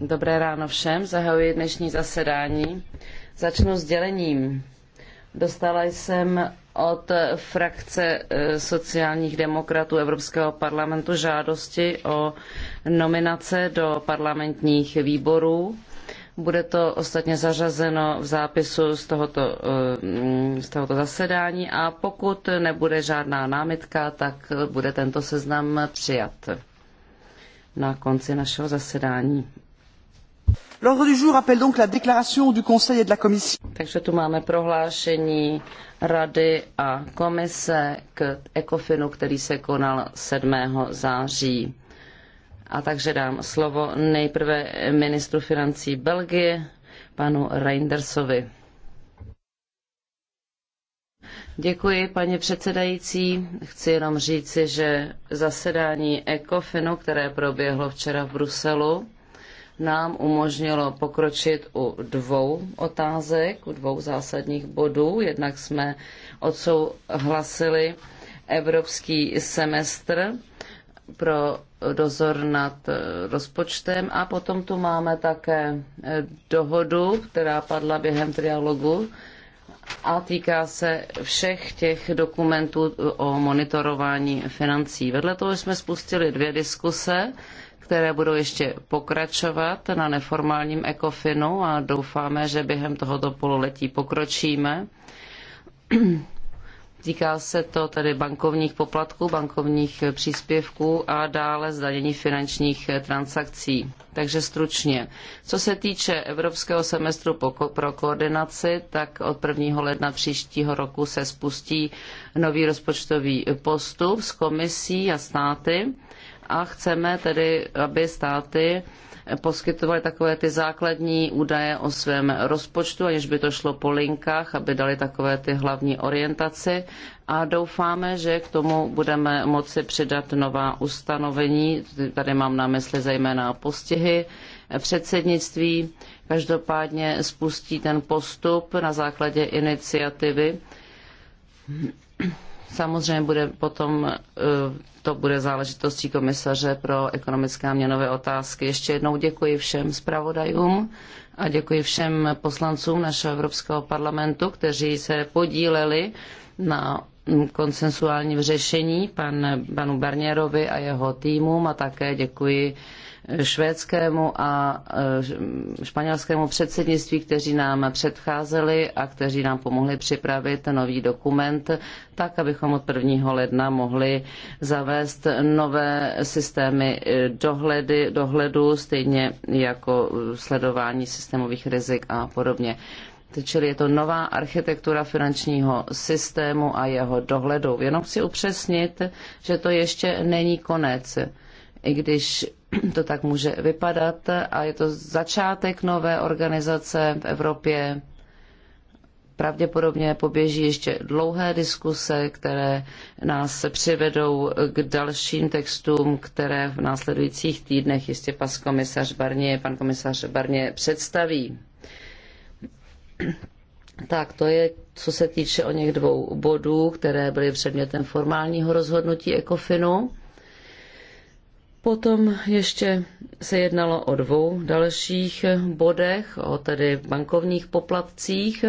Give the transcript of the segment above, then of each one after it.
Dobré ráno všem, zahajuji dnešní zasedání. Začnu s dělením. Dostala jsem od frakce eh, sociálních demokratů Evropského parlamentu žádosti o nominace do parlamentních výborů. Bude to ostatně zařazeno v zápisu z tohoto, eh, z tohoto zasedání a pokud nebude žádná námitka, tak bude tento seznam přijat na konci našeho zasedání. L'ordre du jour appelle donc la déclaration du Conseil et de la Commission. Takže tu máme prohlášení Rady a Komise k ECOFINu, který se konal 7. září. A takže dám slovo nejprve ministru financí Belgie, panu Reindersovi. Děkuji, paní předsedající. Chci jenom říci, že zasedání ECOFINu, které proběhlo včera v Bruselu, nám umožnilo pokročit u dvou otázek, u dvou zásadních bodů. Jednak jsme odsouhlasili evropský semestr pro dozor nad eh, rozpočtem a potom tu máme také eh, dohodu, která padla během trialogu a týká se všech těch dokumentů o monitorování financí. Vedle toho jsme spustili dvě diskuse, které budou ještě pokračovat na neformálním ECOFINu a doufáme, že během tohoto pololetí pokročíme. Týká se to tedy bankovních poplatků, bankovních příspěvků a dále zdanění finančních transakcí. Takže stručně. Co se týče Evropského semestru pro koordinaci, tak od 1. ledna příštího roku se spustí nový rozpočtový postup s komisí a státy a chceme tedy, aby státy poskytovali takové ty základní údaje o svém rozpočtu, aniž by to šlo po linkách, aby dali takové ty hlavní orientaci a doufáme, že k tomu budeme moci přidat nová ustanovení. Tady mám na mysli zejména postihy předsednictví. Každopádně spustí ten postup na základě iniciativy Samozřejmě bude potom, e, to bude záležitostí komisaře pro ekonomické a měnové otázky. Ještě jednou děkuji všem zpravodajům a děkuji všem poslancům našeho Evropského parlamentu, kteří se podíleli na konsensuálním řešení pan, panu Barnierovi a jeho týmům a také děkuji švédskému a e, španělskému předsednictví, kteří nám předcházeli a kteří nám pomohli připravit nový dokument, tak abychom od 1. ledna mohli zavést nové systémy e, dohledy, dohledu, stejně jako sledování systémových rizik a podobně. Čili je to nová architektura finančního systému a jeho dohledu. Jenom chci upřesnit, že to ještě není konec. I když to tak může vypadat a je to začátek nové organizace v Evropě. Pravděpodobně poběží ještě dlouhé diskuse, které nás přivedou k dalším textům, které v následujících týdnech jistě pas komisař Barnier, pan komisař Barně představí. Tak to je, co se týče o něch dvou bodů, které byly předmětem formálního rozhodnutí ECOFINu. Potom ještě se jednalo o dvou dalších bodech, o tedy bankovních poplatcích,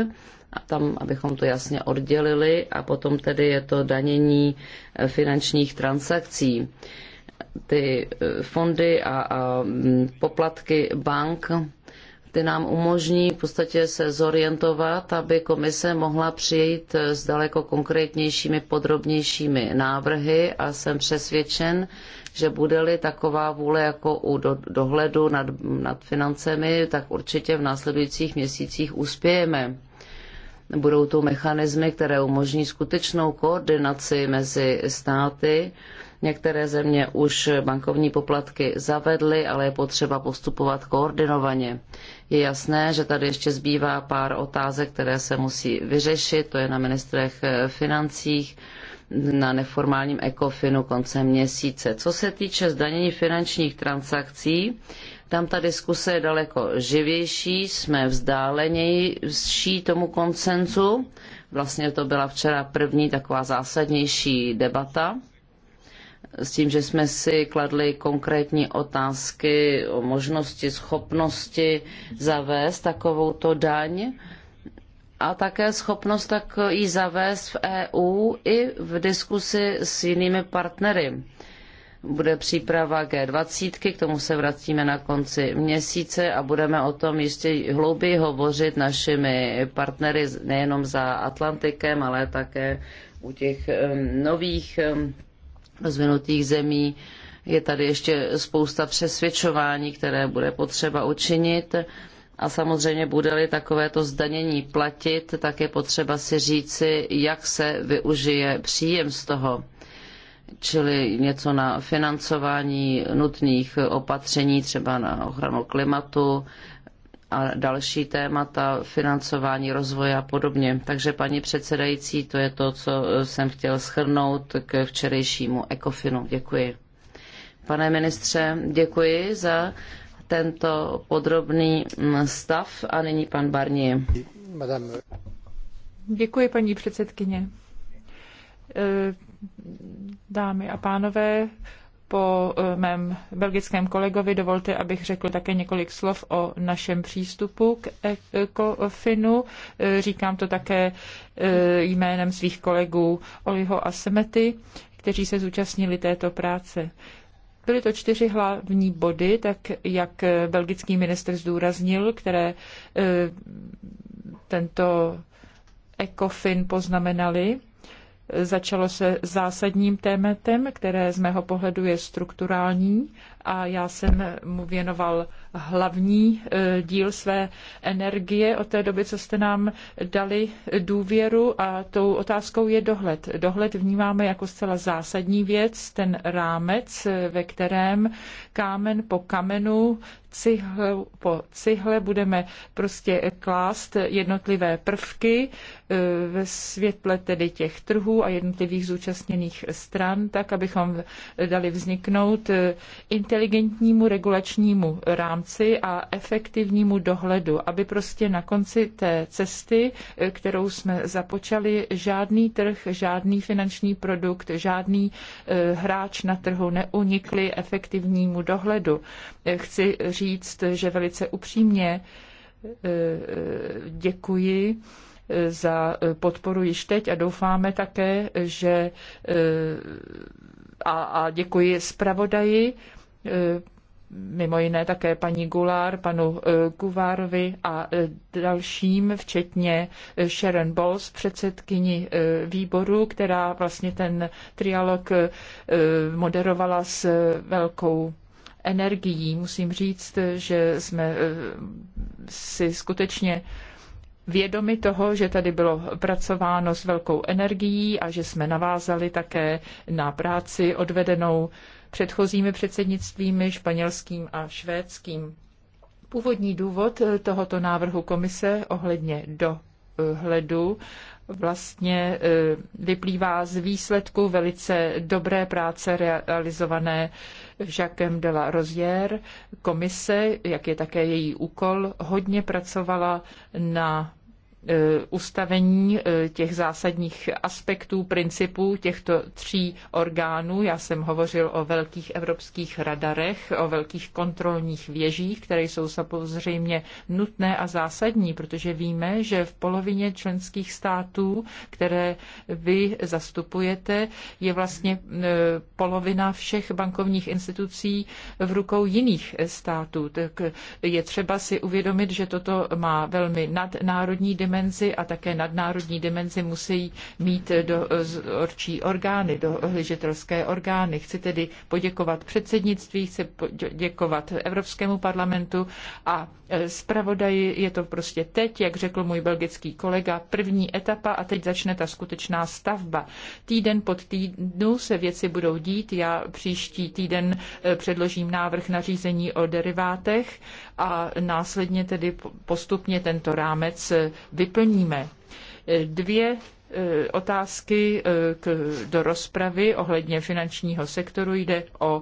a tam, abychom to jasně oddělili, a potom tedy je to danění eh, finančních transakcí. Ty eh, fondy a, a mm, poplatky bank ty nám umožní v podstatě se zorientovat, aby komise mohla přijít s daleko konkrétnějšími, podrobnějšími návrhy a jsem přesvědčen, že bude-li taková vůle jako u dohledu nad, nad financemi, tak určitě v následujících měsících uspějeme. Budou tu mechanismy, které umožní skutečnou koordinaci mezi státy, Některé země už bankovní poplatky zavedly, ale je potřeba postupovat koordinovaně. Je jasné, že tady ještě zbývá pár otázek, které se musí vyřešit, to je na ministrech eh, financích na neformálním ekofinu koncem měsíce. Co se týče zdanění finančních transakcí, tam ta diskuse je daleko živější, jsme vzdálenější tomu koncenzu. Vlastně to byla včera první taková zásadnější debata s tím, že jsme si kladli konkrétní otázky o možnosti, schopnosti zavést takovouto daň a také schopnost tak ji zavést v EU i v diskusi s jinými partnery. Bude příprava G20, k tomu se vracíme na konci měsíce a budeme o tom ještě hlouběji hovořit našimi partnery nejenom za Atlantikem, ale také u těch nových rozvinutých zemí. Je tady ještě spousta přesvědčování, které bude potřeba učinit. A samozřejmě bude-li takovéto zdanění platit, tak je potřeba si říci, jak se využije příjem z toho čili něco na financování nutných opatření, třeba na ochranu klimatu, a další témata, financování, rozvoje a podobně. Takže paní předsedající, to je to, co jsem chtěl schrnout k včerejšímu ECOFINu. Děkuji. Pane ministře, děkuji za tento podrobný stav a nyní pan Barnier. Děkuji, paní předsedkyně. E, dámy a pánové, po eh, mém belgickém kolegovi dovolte, abych řekl také několik slov o našem přístupu k ECOFINu. Eh, říkám to také eh, jménem svých kolegů Oliho a Semety, kteří se zúčastnili této práce. Byly to čtyři hlavní body, tak jak belgický minister zdůraznil, které tento ECOFIN poznamenali Začalo se zásadním tématem, které z mého pohledu je strukturální a já jsem mu věnoval hlavní eh, díl své energie od té doby, co jste nám dali důvěru a tou otázkou je dohled. Dohled vnímáme jako zcela zásadní věc, ten rámec, eh, ve kterém kámen po kamenu, cihle po cihle budeme prostě klást jednotlivé prvky eh, ve světle tedy těch trhů a jednotlivých zúčastněných stran, tak abychom dali vzniknout inteligentnímu regulačnímu rámci a efektivnímu dohledu, aby prostě na konci té cesty, eh, kterou jsme započali, žádný trh, žádný finanční produkt, žádný eh, hráč na trhu neunikli efektivnímu dohledu. Eh, chci říct, že velice upřímně děkuji za podporu již teď a doufáme také, že a, a děkuji zpravodaji Eh, mimo jiné také paní Gulár, panu eh, Kuvárovi a eh, dalším, včetně Sharon Bowles, předsedkyni výboru, která vlastně ten trialog moderovala s velkou energií. Musím říct, že jsme si skutečně vědomi toho, že tady bylo pracováno s velkou energií a že jsme navázali také na práci odvedenou předchozími předsednictvími španělským a švédským. Původní důvod eh, tohoto návrhu komise ohledně dohledu eh, vlastně eh, vyplývá z výsledku velice dobré práce realizované Jacquem de la Rozière. Komise, jak je také její úkol, hodně pracovala na Eh, ustavení eh, těch zásadních aspektů, principů těchto tří orgánů. Já jsem hovořil o velkých evropských radarech, o velkých kontrolních věžích, které jsou samozřejmě nutné a zásadní, protože víme, že v polovině členských států, které vy zastupujete, je vlastně eh, polovina všech bankovních institucí v rukou jiných států. Tak je třeba si uvědomit, že toto má velmi nadnárodní dimenzi dimenzi a také nadnárodní dimenzi musí mít do orčí orgány, do dohlížitelské orgány. Chci tedy poděkovat předsednictví, chci poděkovat Evropskému parlamentu a e, zpravodaji. Je to prostě teď, jak řekl můj belgický kolega, první etapa a teď začne ta skutečná stavba. Týden pod týdnu se věci budou dít. Já příští týden e, předložím návrh na řízení o derivátech a následně tedy postupně tento rámec e, vyplníme. Dvě e, otázky e, k, do rozpravy ohledně finančního sektoru. Jde o e,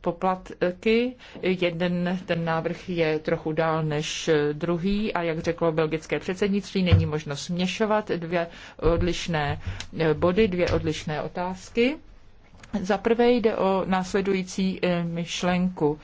poplatky. Jeden ten návrh je trochu dál než druhý a jak řeklo belgické předsednictví, není možno směšovat dvě odlišné body, dvě odlišné otázky. Za prvé jde o následující myšlenku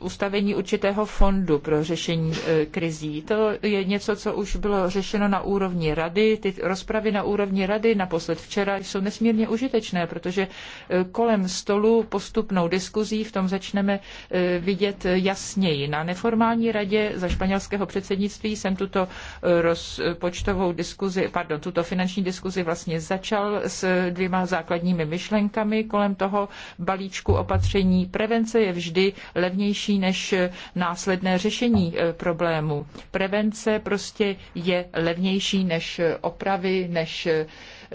ustavení určitého fondu pro řešení e, krizí. To je něco, co už bylo řešeno na úrovni rady. Ty rozpravy na úrovni rady naposled včera jsou nesmírně užitečné, protože e, kolem stolu postupnou diskuzí v tom začneme e, vidět jasněji. Na neformální radě za španělského předsednictví jsem tuto rozpočtovou diskuzi, pardon, tuto finanční diskuzi vlastně začal s dvěma základními myšlenkami kolem toho balíčku opatření. Prevence je vždy vždy levnější než následné řešení eh, problému. Prevence prostě je levnější než opravy, než eh,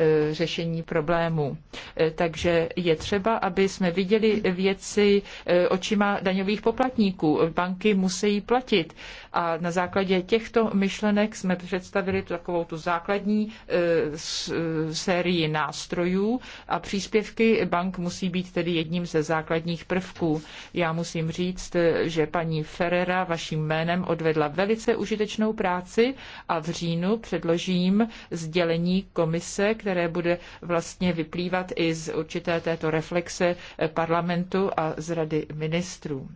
E, řešení problémů. E, takže je třeba, aby jsme viděli věci e, očima daňových poplatníků. Banky musí platit. A na základě těchto myšlenek jsme představili takovou tu základní sérii nástrojů a příspěvky bank musí být tedy jedním ze základních prvků. Já musím říct, že paní Ferrera vaším jménem odvedla velice užitečnou práci a v říjnu předložím sdělení komise, které které bude vlastně vyplývat i z určité této reflexe parlamentu a z rady ministrů.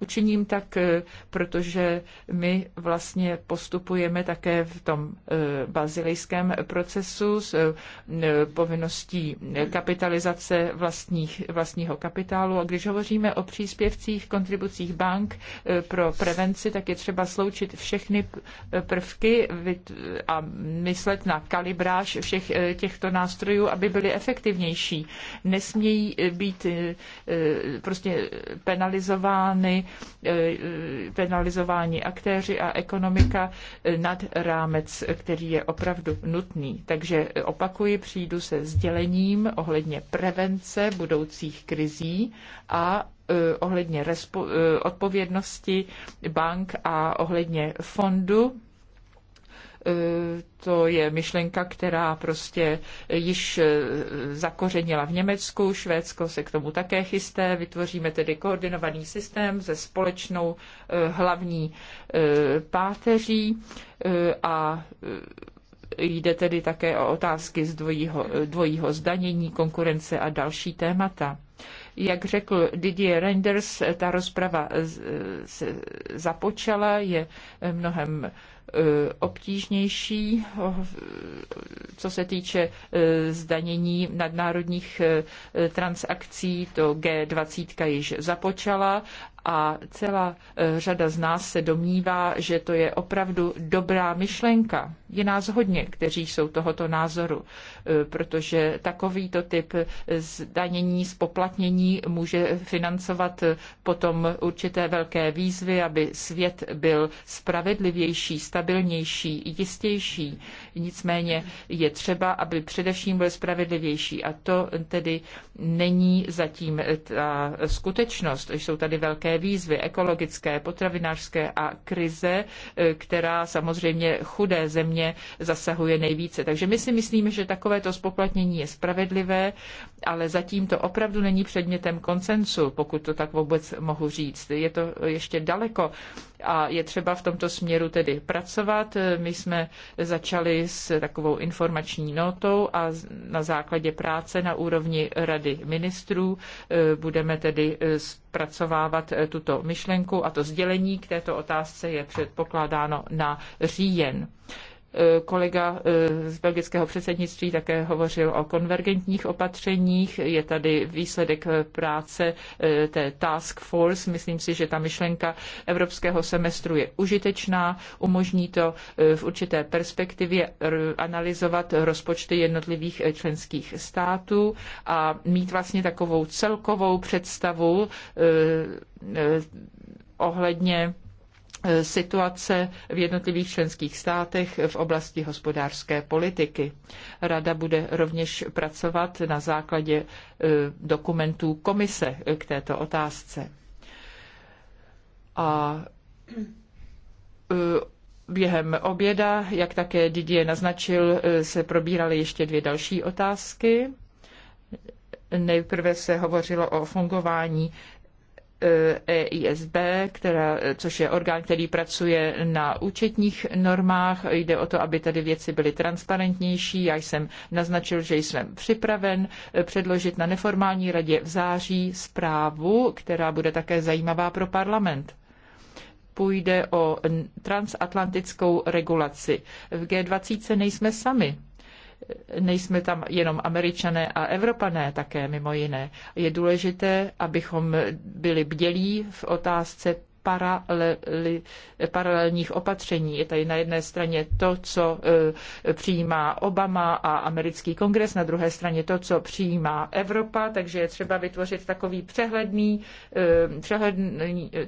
Učiním tak, eh, protože my vlastně postupujeme také v tom eh, bazilejském procesu s eh, povinností kapitalizace vlastních, vlastního kapitálu. A když hovoříme o příspěvcích, kontribucích bank pro prevenci, tak je třeba sloučit všechny prvky a myslet na kalibráž všech těch těchto nástrojů, aby byly efektivnější. Nesmějí eh, být eh, eh, prostě penalizovány, penalizováni aktéři a ekonomika nad rámec, který je opravdu nutný. Takže opakuji, přijdu se sdělením ohledně prevence budoucích krizí a ohledně odpovědnosti bank a ohledně fondu E, to je myšlenka, která prostě již e, zakořenila v Německu, Švédsko se k tomu také chysté, vytvoříme tedy koordinovaný systém se společnou e, hlavní páteří a jde tedy také o otázky z dvojího, dvojího zdanění, konkurence a další témata. Jak řekl Didier Reinders, ta rozprava se započala, je mnohem E, obtížnější, e, co se týče e, zdanění nadnárodních transakcí. To G20 již započala a celá řada z nás se domnívá, že to je opravdu dobrá myšlenka. Je nás hodně, kteří jsou tohoto názoru, protože takovýto typ zdanění, spoplatnění může financovat potom určité velké výzvy, aby svět byl spravedlivější, stav stabilnější, jistější. Nicméně je třeba, aby především byl spravedlivější. A to tedy není zatím ta skutečnost. Jsou tady velké výzvy ekologické, potravinářské a krize, která samozřejmě chudé země zasahuje nejvíce. Takže my si myslíme, že takovéto spoplatnění je spravedlivé, ale zatím to opravdu není předmětem koncensu, pokud to tak vůbec mohu říct. Je to ještě daleko a je třeba v tomto směru tedy pracovat pracovat. My jsme začali s takovou informační notou a na základě práce na úrovni Rady ministrů eh, budeme tedy eh, zpracovávat eh, tuto myšlenku a to sdělení k této otázce je předpokládáno na říjen. Eh, kolega eh, z belgického předsednictví také hovořil o konvergentních opatřeních. Je tady výsledek eh, práce té task force. Myslím si, že ta myšlenka evropského semestru je užitečná. Umožní to v určité perspektivě analyzovat rozpočty jednotlivých členských států a mít vlastně takovou celkovou představu ohledně Eh, situace v jednotlivých členských státech v oblasti hospodářské politiky. Rada bude rovněž pracovat na základě eh, dokumentů komise k této otázce. A eh, během oběda, jak také Didier naznačil, se probíraly ještě dvě další otázky. Nejprve se hovořilo o fungování EISB, e která, což je orgán, který pracuje na účetních normách. Jde o to, aby tady věci byly transparentnější. Já jsem naznačil, že jsem připraven e, předložit na neformální radě v září zprávu, která bude také zajímavá pro parlament půjde o transatlantickou regulaci. V G20 nejsme sami nejsme tam jenom američané a evropané také mimo jiné. Je důležité, abychom byli bdělí v otázce paraleli, paralelních opatření. Je tady na jedné straně to, co e, přijímá Obama a americký kongres, na druhé straně to, co přijímá Evropa, takže je třeba vytvořit takový přehledný, e, přehledný e,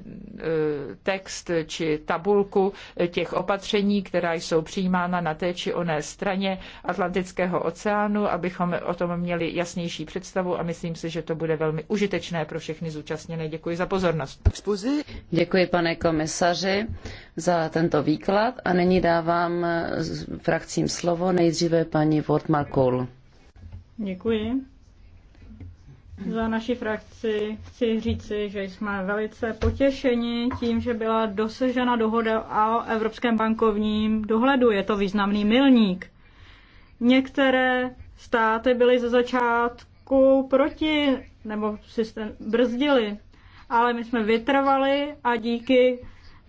text či tabulku těch opatření, která jsou přijímána na té či oné straně Atlantického oceánu, abychom o tom měli jasnější představu a myslím si, že to bude velmi užitečné pro všechny zúčastněné. Děkuji za pozornost. Děkuji, pane komisaři, za tento výklad a nyní dávám frakcím slovo nejdříve paní Wortmar Kohl. Děkuji. Za naši frakci chci říci, že jsme velice potěšeni tím, že byla dosažena dohoda o Evropském bankovním dohledu. Je to významný milník. Některé státy byly ze začátku proti nebo systém brzdili ale my jsme vytrvali a díky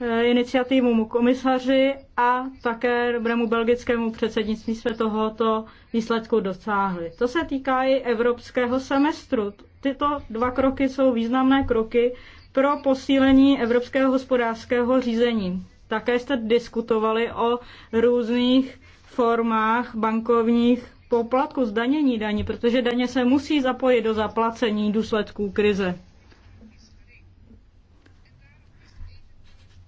e, iniciativnímu komisaři a také dobrému belgickému předsednictví jsme tohoto výsledku dosáhli. To se týká i evropského semestru. Tyto dva kroky jsou významné kroky pro posílení evropského hospodářského řízení. Také jste diskutovali o různých formách bankovních poplatků, zdanění daní, protože daně se musí zapojit do zaplacení důsledků krize.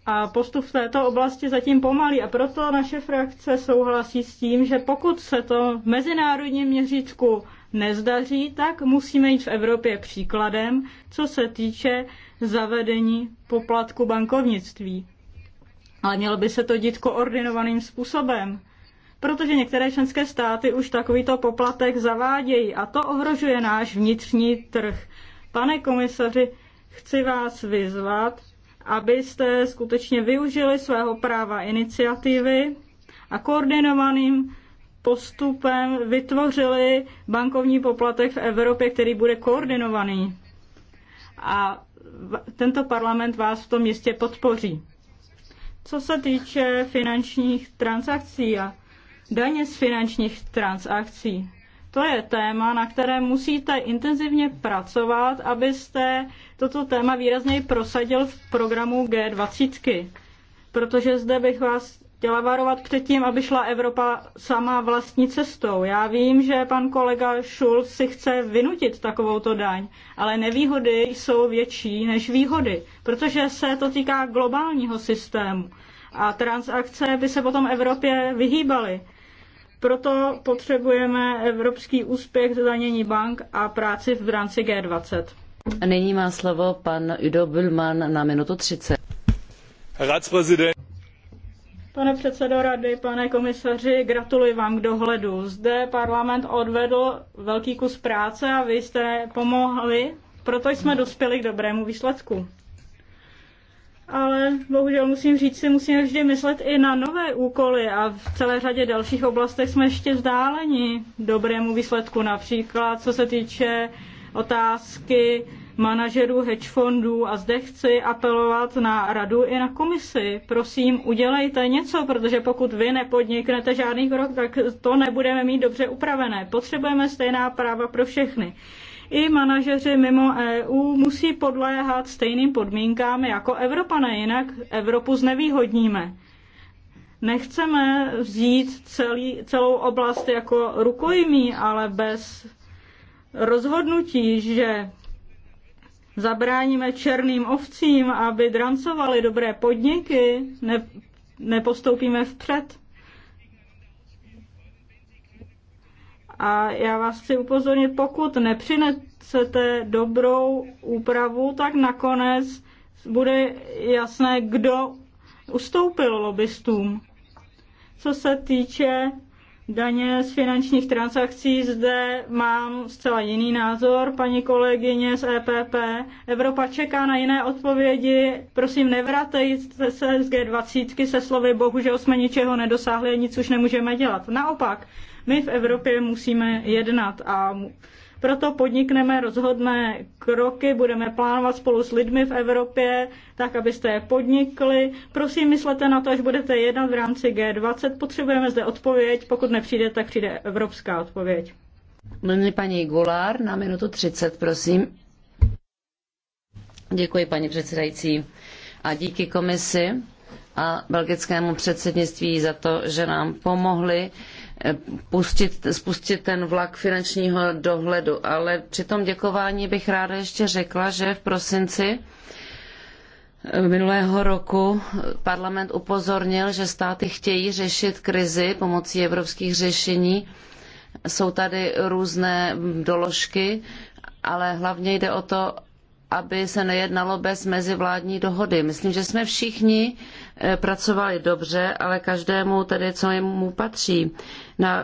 A postup v této oblasti zatím pomalý a proto naše frakce souhlasí s tím, že pokud se to v mezinárodním měřítku nezdaří, tak musíme jít v Evropě příkladem, co se týče zavedení poplatku bankovnictví. Ale mělo by se to dít koordinovaným způsobem, protože některé členské státy už takovýto poplatek zavádějí a to ohrožuje náš vnitřní trh. Pane komisaři, chci vás vyzvat, abyste skutečně využili svého práva iniciativy a koordinovaným postupem vytvořili bankovní poplatek v Evropě, který bude koordinovaný. A tento parlament vás v tom jistě podpoří. Co se týče finančních transakcí a daně z finančních transakcí, to je téma, na které musíte intenzivně pracovat, abyste toto téma výrazněji prosadil v programu G20. Protože zde bych vás chtěla varovat před tím, aby šla Evropa sama vlastní cestou. Já vím, že pan kolega Schulz si chce vynutit takovouto daň, ale nevýhody jsou větší než výhody, protože se to týká globálního systému a transakce by se potom Evropě vyhýbaly. Proto potřebujeme evropský úspěch zdanění bank a práci v rámci G20. Nyní má slovo pan Udo Bülman na minutu 30. Ratspräsident. Pane předsedo rady, pane komisaři, gratuluji vám k dohledu. Zde parlament odvedl velký kus práce a vy jste pomohli, proto jsme dospěli k dobrému výsledku ale bohužel musím říct si, musíme vždy myslet i na nové úkoly a v celé řadě dalších oblastech jsme ještě vzdáleni dobrému výsledku, například co se týče otázky manažerů hedge fondů a zde chci apelovat na radu i na komisi. Prosím, udělejte něco, protože pokud vy nepodniknete žádný krok, tak to nebudeme mít dobře upravené. Potřebujeme stejná práva pro všechny i manažeři mimo EU musí podléhat stejným podmínkám jako Evropané, jinak Evropu znevýhodníme. Nechceme vzít celý, celou oblast jako rukojmí, ale bez rozhodnutí, že zabráníme černým ovcím, aby drancovali dobré podniky, ne, nepostoupíme vpřed. A já vás chci upozornit, pokud nepřinesete dobrou úpravu, tak nakonec bude jasné, kdo ustoupil lobbystům. Co se týče daně z finančních transakcí. Zde mám zcela jiný názor, paní kolegyně z EPP. Evropa čeká na jiné odpovědi. Prosím, nevratejte se z G20 se slovy bohužel jsme ničeho nedosáhli a nic už nemůžeme dělat. Naopak, my v Evropě musíme jednat a proto podnikneme rozhodné kroky, budeme plánovat spolu s lidmi v Evropě, tak abyste je podnikli. Prosím, myslete na to, až budete jednat v rámci G20. Potřebujeme zde odpověď. Pokud nepřijde, tak přijde evropská odpověď. Nyní paní Gulár na minutu 30, prosím. Děkuji, paní předsedající. A díky komisi a belgickému předsednictví za to, že nám pomohli pustit, spustit ten vlak finančního dohledu. Ale při tom děkování bych ráda ještě řekla, že v prosinci minulého roku parlament upozornil, že státy chtějí řešit krizi pomocí evropských řešení. Jsou tady různé doložky, ale hlavně jde o to, aby se nejednalo bez mezivládní dohody. Myslím, že jsme všichni eh, pracovali dobře, ale každému tedy, co mu patří. Na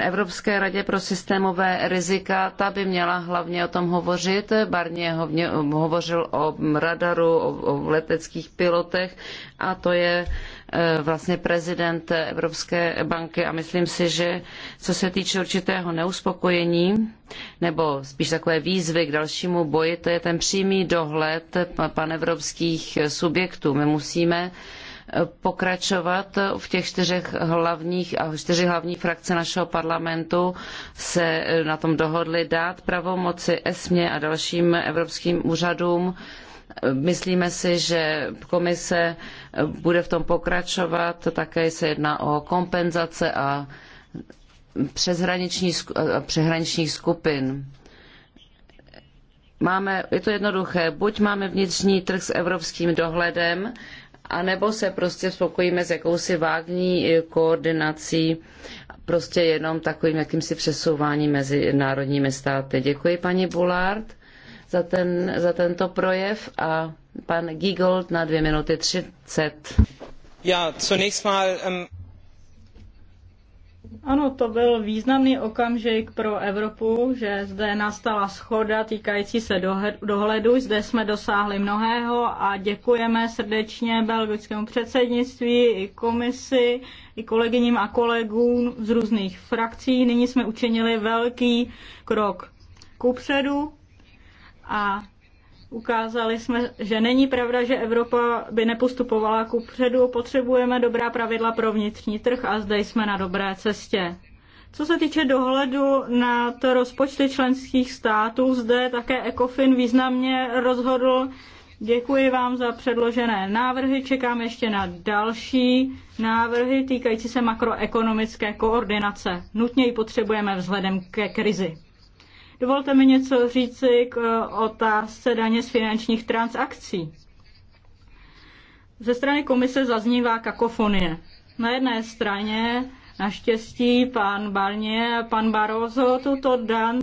Evropské radě pro systémové rizika, ta by měla hlavně o tom hovořit. Barnier hovořil o radaru, o leteckých pilotech a to je Eh, vlastně prezident Evropské banky a myslím si, že co se týče určitého neuspokojení nebo spíš takové výzvy k dalšímu boji, to je ten přímý dohled panevropských subjektů. My musíme eh, pokračovat v těch čtyřech hlavních a čtyři hlavní frakce našeho parlamentu se eh, na tom dohodly dát pravomoci ESMě a dalším evropským úřadům Myslíme si, že komise bude v tom pokračovat, také se jedná o kompenzace a přeshraniční, skupin. Máme, je to jednoduché, buď máme vnitřní trh s evropským dohledem, anebo se prostě spokojíme s jakousi vágní koordinací, prostě jenom takovým jakýmsi přesouváním mezi národními státy. Děkuji, paní Bulard za, ten, za tento projev a pan Giegold na dvě minuty třicet. Já, zunächst mal, um... Ano, to byl významný okamžik pro Evropu, že zde nastala schoda týkající se dohledu. Zde jsme dosáhli mnohého a děkujeme srdečně belgickému předsednictví i komisi, i kolegyním a kolegům z různých frakcí. Nyní jsme učinili velký krok kupředu a ukázali jsme, že není pravda, že Evropa by nepostupovala ku předu. Potřebujeme dobrá pravidla pro vnitřní trh a zde jsme na dobré cestě. Co se týče dohledu na to rozpočty členských států, zde také ECOFIN významně rozhodl. Děkuji vám za předložené návrhy. Čekám ještě na další návrhy týkající se makroekonomické koordinace. Nutně ji potřebujeme vzhledem ke krizi. Dovolte mi něco říci k eh, otázce daně z finančních transakcí. Ze strany komise zaznívá kakofonie. Na jedné straně naštěstí pan Barnier a pan Barroso tuto dan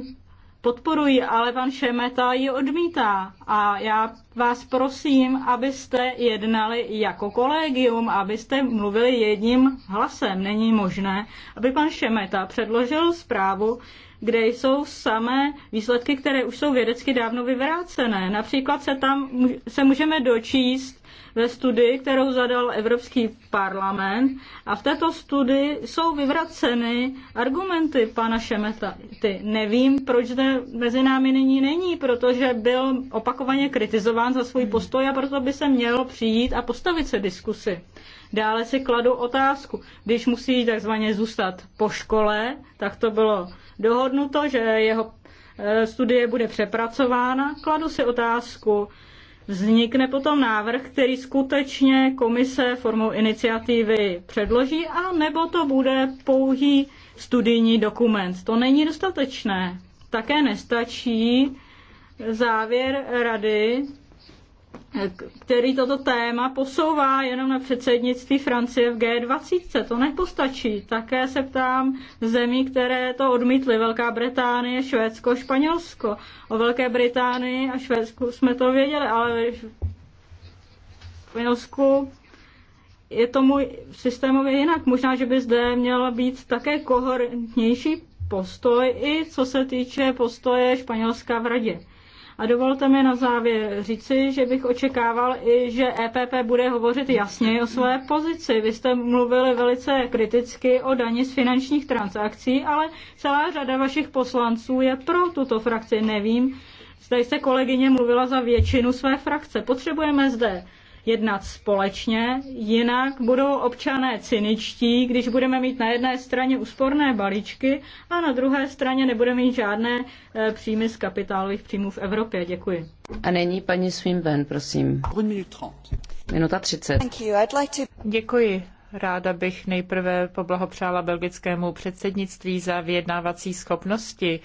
podporují, ale pan Šemeta ji odmítá. A já vás prosím, abyste jednali jako kolegium, abyste mluvili jedním hlasem. Není možné, aby pan Šemeta předložil zprávu, kde jsou samé výsledky, které už jsou vědecky dávno vyvrácené. Například se tam se můžeme dočíst ve studii, kterou zadal Evropský parlament a v této studii jsou vyvraceny argumenty pana Šemeta. Ty nevím, proč zde mezi námi nyní není, protože byl opakovaně kritizován za svůj postoj a proto by se mělo přijít a postavit se diskusy. Dále si kladu otázku, když musí takzvaně zůstat po škole, tak to bylo dohodnuto, že jeho eh, studie bude přepracována. Kladu si otázku, vznikne potom návrh, který skutečně komise formou iniciativy předloží, a nebo to bude pouhý studijní dokument. To není dostatečné. Také nestačí závěr rady který toto téma posouvá jenom na předsednictví Francie v G20. To nepostačí. Také se ptám zemí, které to odmítly. Velká Británie, Švédsko, Španělsko. O Velké Británii a Švédsku jsme to věděli, ale v Španělsku je tomu systémově jinak. Možná, že by zde měla být také kohorentnější postoj, i co se týče postoje Španělska v radě. A dovolte mi na závěr říci, že bych očekával i, že EPP bude hovořit jasněji o své pozici. Vy jste mluvili velice kriticky o dani z finančních transakcí, ale celá řada vašich poslanců je pro tuto frakci. Nevím, zda jste kolegyně mluvila za většinu své frakce. Potřebujeme zde jednat společně, jinak budou občané cyničtí, když budeme mít na jedné straně úsporné balíčky a na druhé straně nebudeme mít žádné e, příjmy z kapitálových příjmů v Evropě. Děkuji. A není paní Swinburn, prosím. Minuta 30. Děkuji. Ráda bych nejprve poblahopřála belgickému předsednictví za vyjednávací schopnosti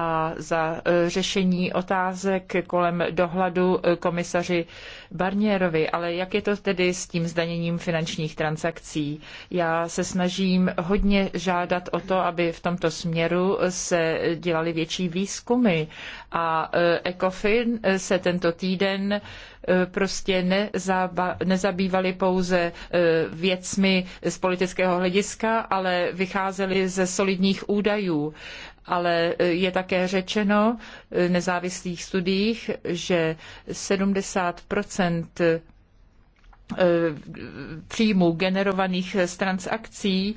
a za e, řešení otázek kolem dohledu e, komisaři Barnierovi. Ale jak je to tedy s tím zdaněním finančních transakcí? Já se snažím hodně žádat o to, aby v tomto směru se dělaly větší výzkumy a e, ECOFIN se tento týden prostě nezaba, nezabývali pouze věcmi z politického hlediska, ale vycházeli ze solidních údajů ale e, je také řečeno v e, nezávislých studiích, že 70 e, příjmů generovaných z transakcí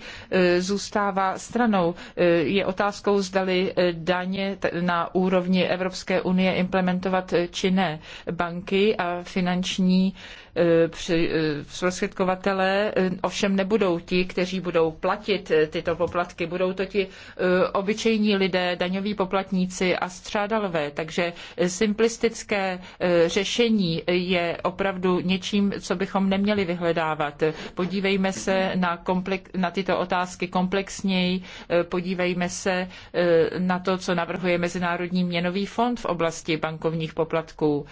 zůstává stranou. Je otázkou, zdali daně na úrovni Evropské unie implementovat či ne. Banky a finanční Eh, eh, zprostředkovatelé eh, ovšem nebudou ti, kteří budou platit tyto poplatky, budou to ti obyčejní lidé, daňoví poplatníci a střádalové. Takže simplistické řešení je opravdu něčím, co bychom neměli vyhledávat. Podívejme se na, na tyto otázky komplexněji, podívejme se na to, co navrhuje Mezinárodní měnový fond v oblasti bankovních poplatků.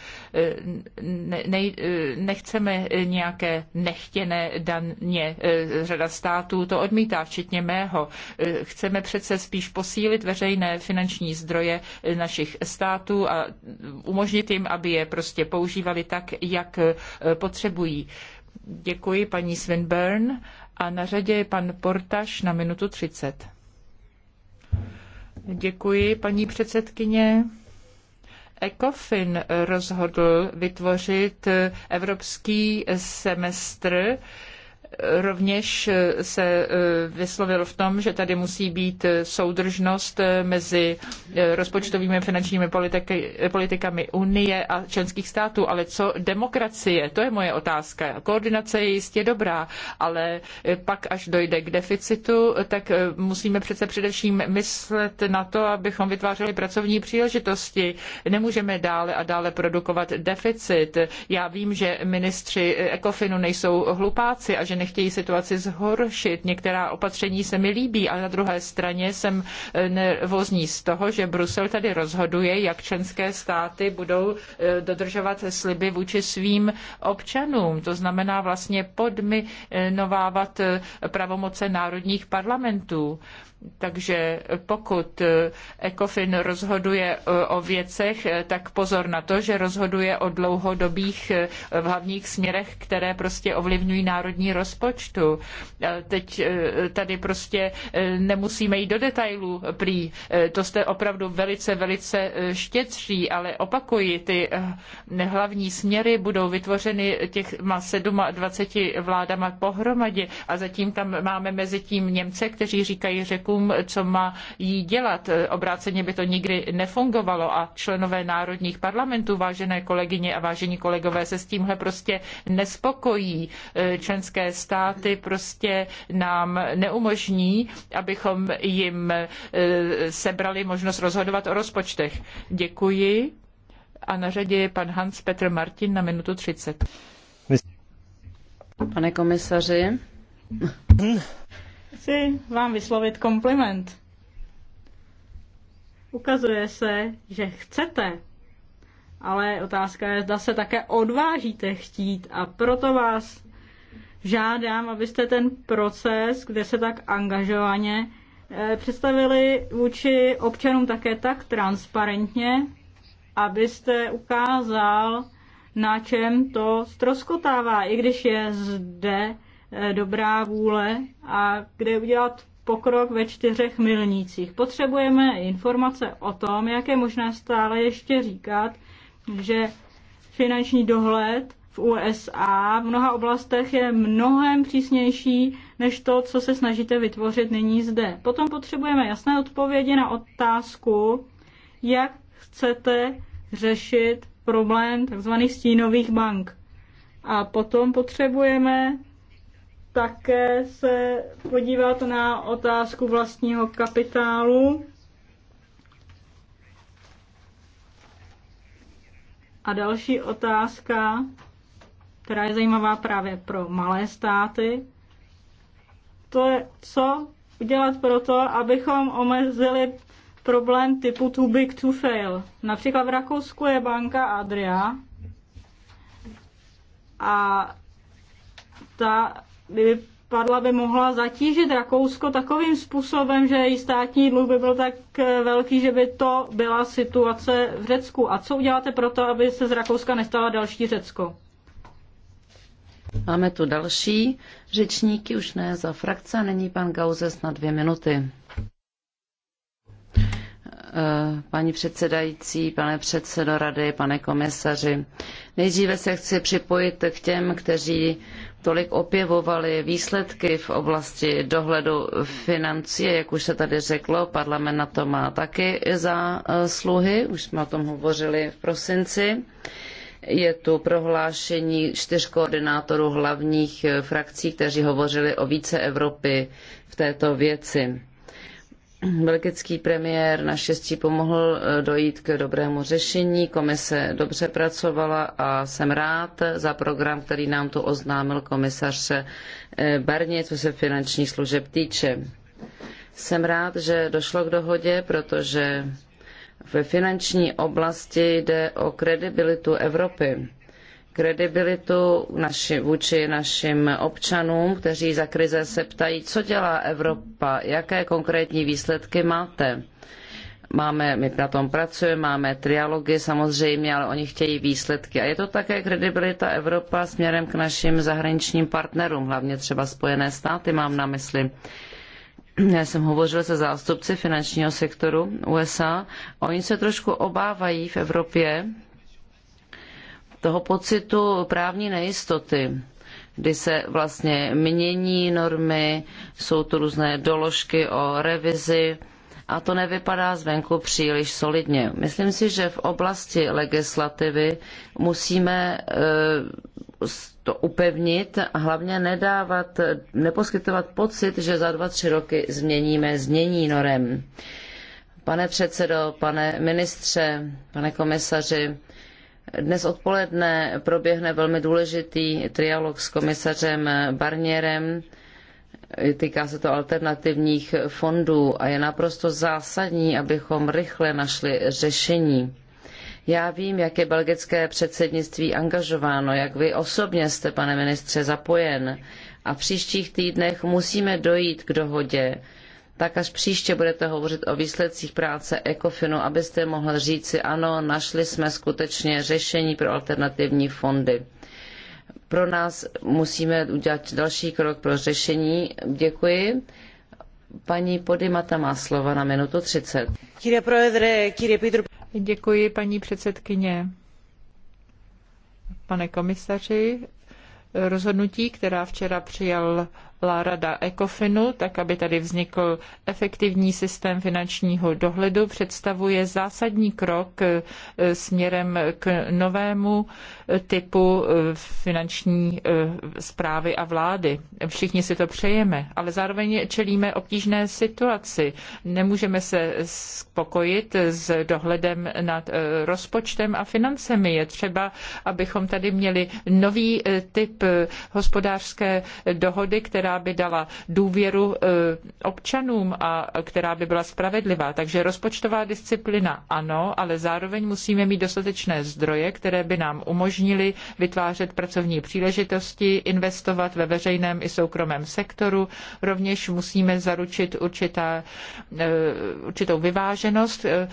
Ne, ne, nechci nechceme nějaké nechtěné daně. Eh, řada států to odmítá, včetně mého. Eh, chceme přece spíš posílit veřejné finanční zdroje eh, našich států a umožnit jim, aby je prostě používali tak, jak potřebují. Děkuji paní Swinburne a na řadě je pan Portaš na minutu 30. Děkuji, paní předsedkyně. ECOFIN rozhodl vytvořit evropský semestr rovněž eh, se eh, vyslovil v tom, že tady musí být eh, soudržnost mezi rozpočtovými a finančními politiky, politikami Unie a členských států, ale co demokracie? To je moje otázka. Koordinace je jistě dobrá, ale pak, až dojde k deficitu, tak musíme přece především myslet na to, abychom vytvářeli pracovní příležitosti. Nemůžeme dále a dále produkovat deficit. Já vím, že ministři Ekofinu nejsou hlupáci a že nechtějí situaci zhoršit. Některá opatření se mi líbí, ale na druhé straně jsem eh, nervózní z toho, že Brusel tady rozhoduje, jak členské státy budou eh, dodržovat sliby vůči svým občanům. To znamená vlastně podminovávat eh, pravomoce národních parlamentů. Takže pokud ECOFIN rozhoduje o věcech, tak pozor na to, že rozhoduje o dlouhodobých hlavních směrech, které prostě ovlivňují národní rozpočtu. Teď eh, tady prostě eh, nemusíme jít do detailů prý. Eh, to jste opravdu velice, velice štětří, ale opakuji, ty hlavní směry budou vytvořeny má 27 vládama pohromadě a zatím tam máme mezi tím Němce, kteří říkají řeku politikům, co má jí dělat. Obráceně by to nikdy nefungovalo a členové národních parlamentů, vážené kolegyně a vážení kolegové, se s tímhle prostě nespokojí. Členské státy prostě nám neumožní, abychom jim eh, sebrali možnost rozhodovat o rozpočtech. Děkuji. A na řadě je pan Hans Petr Martin na minutu 30. Pane komisaři, chci vám vyslovit kompliment. Ukazuje se, že chcete, ale otázka je, zda se také odvážíte chtít a proto vás žádám, abyste ten proces, kde se tak angažovaně eh, představili vůči občanům také tak transparentně, abyste ukázal, na čem to stroskotává, i když je zde Eh, dobrá vůle a kde udělat pokrok ve čtyřech milnících. Potřebujeme informace o tom, jak je možné stále ještě říkat, že finanční dohled v USA v mnoha oblastech je mnohem přísnější než to, co se snažíte vytvořit nyní zde. Potom potřebujeme jasné odpovědi na otázku, jak chcete řešit problém tzv. stínových bank. A potom potřebujeme také se podívat na otázku vlastního kapitálu. A další otázka, která je zajímavá právě pro malé státy, to je, co udělat pro to, abychom omezili problém typu too big to fail. Například v Rakousku je banka Adria a ta by padla, by mohla zatížit Rakousko takovým způsobem, že její státní dluh by byl tak eh, velký, že by to byla situace v Řecku. A co uděláte pro to, aby se z Rakouska nestala další Řecko? Máme tu další řečníky, už ne za frakce, a není pan Gauzes na dvě minuty. Eh, paní předsedající, pane předsedo rady, pane komisaři, Nejdříve se chci připojit k těm, kteří tolik opěvovali výsledky v oblasti dohledu financí, jak už se tady řeklo, parlament na to má taky zásluhy, už jsme o tom hovořili v prosinci. Je tu prohlášení čtyř koordinátorů hlavních frakcí, kteří hovořili o více Evropy v této věci. Belgický premiér naštěstí pomohl eh, dojít k dobrému řešení, komise dobře pracovala a jsem rád za program, který nám tu oznámil komisař eh, Barnier, co se finančních služeb týče. Jsem rád, že došlo k dohodě, protože ve finanční oblasti jde o kredibilitu Evropy kredibilitu naši, vůči našim občanům, kteří za krize se ptají, co dělá Evropa, jaké konkrétní výsledky máte. Máme, my na tom pracujeme, máme trialogy samozřejmě, ale oni chtějí výsledky. A je to také kredibilita Evropa směrem k našim zahraničním partnerům, hlavně třeba Spojené státy mám na mysli. Já jsem hovořil se zástupci finančního sektoru USA. Oni se trošku obávají v Evropě, toho pocitu právní nejistoty, kdy se vlastně mění normy, jsou tu různé doložky o revizi a to nevypadá zvenku příliš solidně. Myslím si, že v oblasti legislativy musíme eh, to upevnit a hlavně nedávat, neposkytovat pocit, že za dva, tři roky změníme změní norem. Pane předsedo, pane ministře, pane komisaři, dnes odpoledne proběhne velmi důležitý trialog s komisařem Barnierem. Týká se to alternativních fondů a je naprosto zásadní, abychom rychle našli řešení. Já vím, jak je belgické předsednictví angažováno, jak vy osobně jste, pane ministře, zapojen. A v příštích týdnech musíme dojít k dohodě tak až příště budete hovořit o výsledcích práce Ecofinu, abyste mohl říci, ano, našli jsme skutečně řešení pro alternativní fondy. Pro nás musíme udělat další krok pro řešení. Děkuji. Paní Podimata má slovo na minutu 30. Děkuji, paní předsedkyně. Pane komisaři, rozhodnutí, která včera přijal rada ECOFINu, tak aby tady vznikl efektivní systém finančního dohledu, představuje zásadní krok eh, směrem k novému eh, typu eh, finanční zprávy a vlády. Všichni si to přejeme, ale zároveň čelíme obtížné situaci. Nemůžeme se spokojit s dohledem nad rozpočtem a financemi. Je třeba, abychom tady měli nový typ hospodářské dohody, která která by dala důvěru eh, občanům a která by byla spravedlivá. Takže rozpočtová disciplina ano, ale zároveň musíme mít dostatečné zdroje, které by nám umožnily vytvářet pracovní příležitosti, investovat ve veřejném i soukromém sektoru. Rovněž musíme zaručit určitá, eh, určitou vyváženost eh,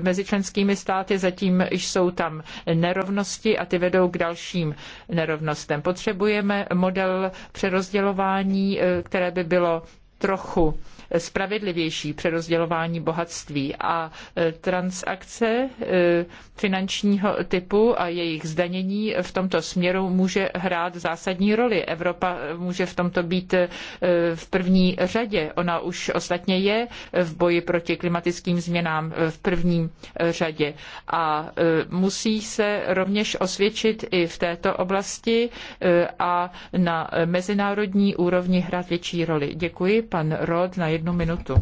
mezi členskými státy. Zatím jsou tam nerovnosti a ty vedou k dalším nerovnostem. Potřebujeme model přerozdělování řešení, eh, které by bylo trochu spravedlivější přerozdělování bohatství a e, transakce e, finančního typu a jejich zdanění v tomto směru může hrát zásadní roli. Evropa může v tomto být e, v první řadě. Ona už ostatně je v boji proti klimatickým změnám v první řadě a musí se rovněž osvědčit i v této oblasti a na mezinárodní úrovni hrát větší roli. Děkuji, pan Rod, na jednu minutu.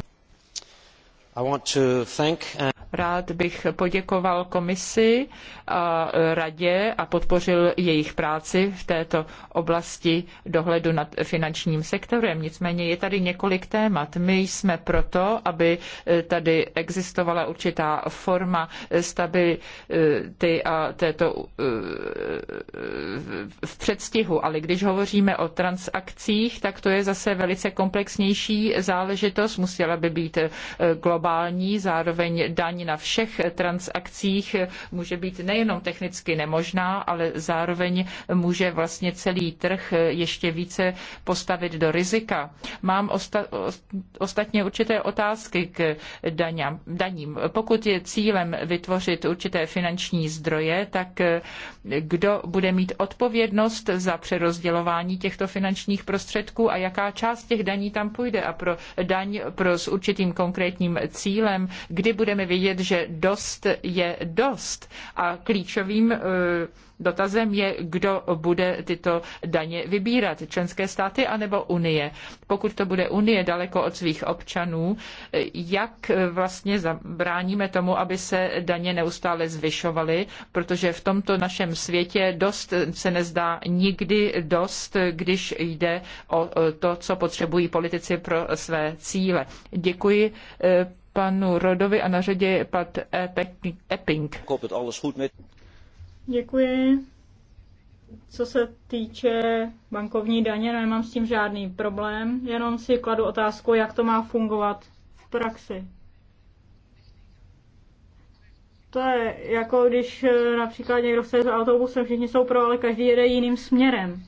Rád bych poděkoval komisi a radě a podpořil jejich práci v této oblasti dohledu nad finančním sektorem. Nicméně je tady několik témat. My jsme proto, aby tady existovala určitá forma stability a této eh, předstihu, ale když hovoříme o transakcích, tak to je zase velice komplexnější záležitost, musela by být e, globální, zároveň daň na všech transakcích může být nejenom technicky nemožná, ale zároveň může vlastně celý trh e, ještě více postavit do rizika. Mám ostatně určité otázky k daním. Pokud je cílem vytvořit určité finanční zdroje, tak e, kdo bude mít odpovědnost odpovědnost za přerozdělování těchto finančních prostředků a jaká část těch daní tam půjde a pro daň pro s určitým konkrétním cílem, kdy budeme vědět, že dost je dost. A klíčovým uh, Dotazem je, kdo bude tyto daně vybírat, členské státy anebo Unie. Pokud to bude Unie daleko od svých občanů, jak vlastně zabráníme tomu, aby se daně neustále zvyšovaly, protože v tomto našem světě dost se nezdá nikdy dost, když jde o to, co potřebují politici pro své cíle. Děkuji eh, panu Rodovi a na řadě je pan Epping. Děkuji. Co se týče bankovní daně, no, nemám s tím žádný problém, jenom si kladu otázku, jak to má fungovat v praxi. To je jako když eh, například někdo chce za autobusem, všichni jsou pro, ale každý jede jiným směrem.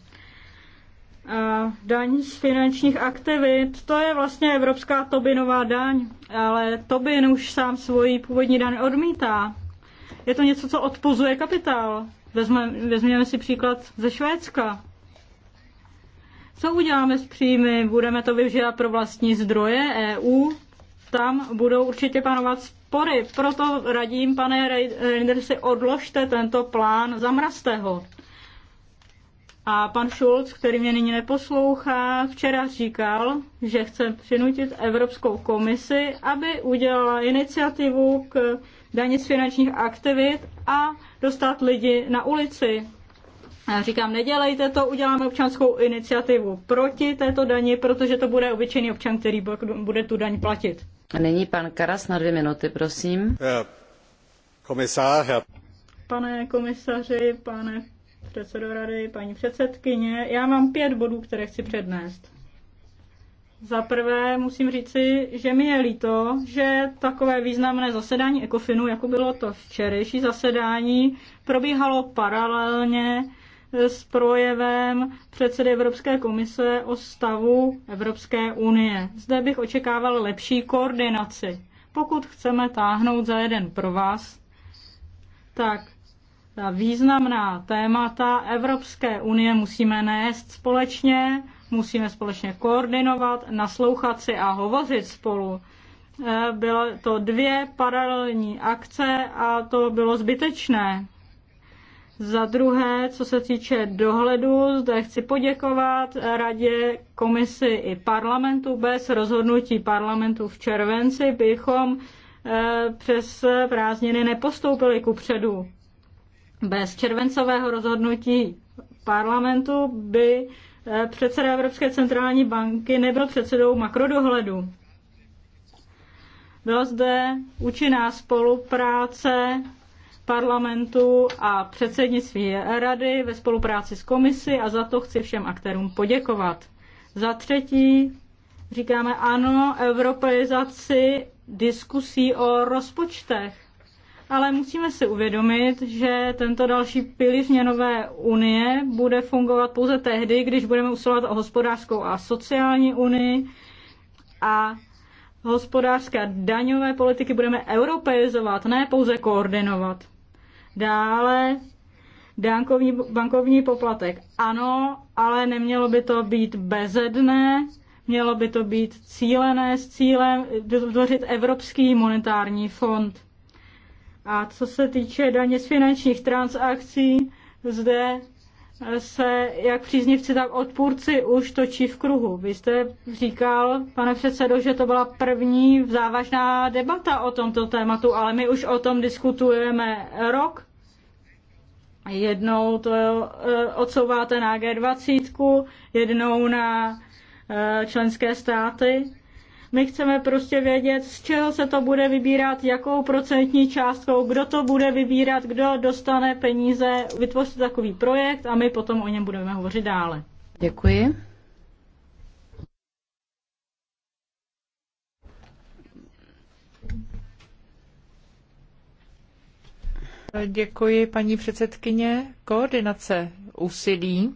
A daň z finančních aktivit, to je vlastně evropská Tobinová daň, ale Tobin už sám svoji původní daň odmítá. Je to něco, co odpozuje kapitál. Vezme, vezměme si příklad ze Švédska. Co uděláme s příjmy? Budeme to využívat pro vlastní zdroje EU? Tam budou určitě panovat spory. Proto radím, pane si odložte tento plán, zamrazte ho. A pan Schulz, který mě nyní neposlouchá, včera říkal, že chce přinutit Evropskou komisi, aby udělala iniciativu k daně z finančních aktivit a dostat lidi na ulici. Já říkám, nedělejte to, uděláme občanskou iniciativu proti této dani, protože to bude obyčejný občan, který bude tu daň platit. Nyní pan Karas na dvě minuty, prosím. Komisář. Pane komisaři, pane předsedo rady, paní předsedkyně, já mám pět bodů, které chci přednést. Za prvé musím říci, že mi je líto, že takové významné zasedání Ekofinu, jako bylo to včerejší zasedání, probíhalo paralelně s projevem předsedy Evropské komise o stavu Evropské unie. Zde bych očekával lepší koordinaci. Pokud chceme táhnout za jeden pro vás, tak ta významná témata Evropské unie musíme nést společně musíme společně koordinovat, naslouchat si a hovořit spolu. Eh, bylo to dvě paralelní akce a to bylo zbytečné. Za druhé, co se týče dohledu, zde chci poděkovat radě, komisi i parlamentu. Bez rozhodnutí parlamentu v červenci bychom eh, přes prázdniny nepostoupili ku předu. Bez červencového rozhodnutí parlamentu by Eh, předseda Evropské centrální banky nebyl předsedou makrodohledu. Byla zde účinná spolupráce parlamentu a předsednictví rady ve spolupráci s komisí a za to chci všem aktérům poděkovat. Za třetí říkáme ano europeizaci diskusí o rozpočtech ale musíme si uvědomit, že tento další pilíř měnové unie bude fungovat pouze tehdy, když budeme usilovat o hospodářskou a sociální unii a hospodářské a daňové politiky budeme europeizovat, ne pouze koordinovat. Dále bankovní, bankovní poplatek. Ano, ale nemělo by to být bezedné, mělo by to být cílené s cílem vytvořit Evropský monetární fond. A co se týče daně z finančních transakcí, zde se jak příznivci, tak odpůrci už točí v kruhu. Vy jste říkal, pane předsedo, že to byla první závažná debata o tomto tématu, ale my už o tom diskutujeme rok. Jednou to eh, odsouváte na G20, jednou na eh, členské státy my chceme prostě vědět, z čeho se to bude vybírat, jakou procentní částkou, kdo to bude vybírat, kdo dostane peníze, vytvořit takový projekt a my potom o něm budeme hovořit dále. Děkuji. Děkuji, paní předsedkyně. Koordinace úsilí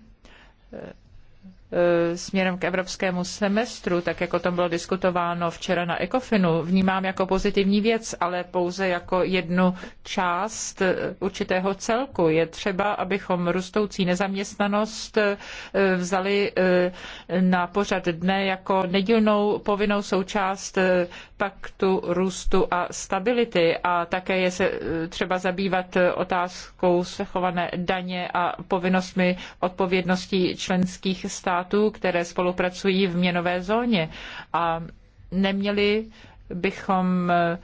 E, směrem k evropskému semestru, tak jako tom bylo diskutováno včera na Ecofinu, vnímám jako pozitivní věc, ale pouze jako jednu část e, určitého celku. Je třeba, abychom rostoucí nezaměstnanost e, vzali na pořad dne jako nedílnou povinnou součást paktu růstu a stability a také je se eh, třeba zabývat eh, otázkou schované daně a povinnostmi odpovědností členských států, které spolupracují v měnové zóně. A neměli bychom eh,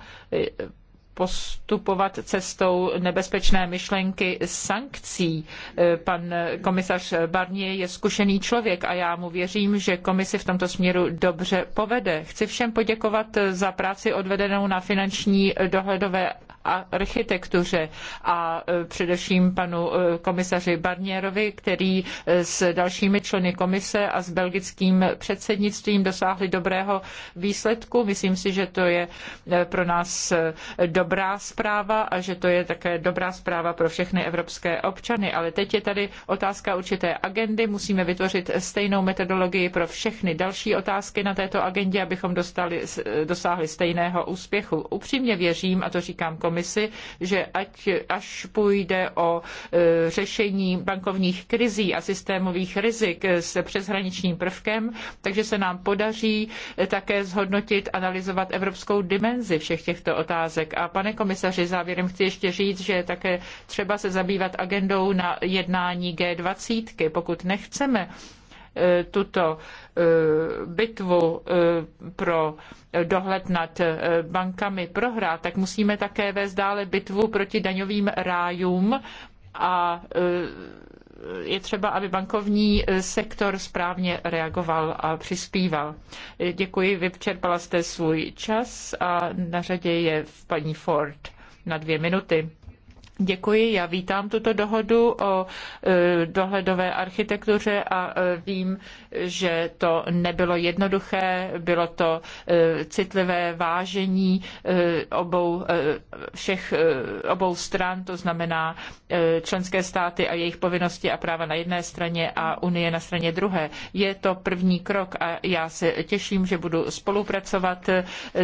postupovat cestou nebezpečné myšlenky sankcí. E, Pan komisař Barnier je zkušený člověk a já mu věřím, že komisi v tomto směru dobře povede. Chci všem poděkovat za práci odvedenou na finanční dohledové architektuře a e, především panu e, komisaři Barnierovi, který e, s dalšími členy komise a s belgickým předsednictvím dosáhli dobrého výsledku. Myslím si, že to je pro nás dobrá zpráva a že to je také dobrá zpráva pro všechny evropské občany. Ale teď je tady otázka určité agendy. Musíme vytvořit stejnou metodologii pro všechny další otázky na této agendě, abychom dostali, dosáhli stejného úspěchu. Upřímně věřím, a to říkám komise, komisi, že ať, až půjde o e, řešení bankovních krizí a systémových rizik s přeshraničním prvkem, takže se nám podaří e, také zhodnotit, analyzovat evropskou dimenzi všech těchto otázek. A pane komisaři, závěrem chci ještě říct, že je také třeba se zabývat agendou na jednání G20, pokud nechceme, E, tuto e, bitvu e, pro dohled nad bankami prohrát, tak musíme také vést dále bitvu proti daňovým rájům a je třeba, aby bankovní sektor správně reagoval a přispíval. Děkuji, vyčerpala jste svůj čas a na řadě je paní Ford na dvě minuty. Děkuji, já vítám tuto dohodu o e, dohledové architektuře a e, vím, že to nebylo jednoduché, bylo to e, citlivé vážení obou, všech, obou stran, to znamená členské státy a jejich povinnosti a práva na jedné straně a Unie na straně druhé. Je to první krok a já se těším, že budu spolupracovat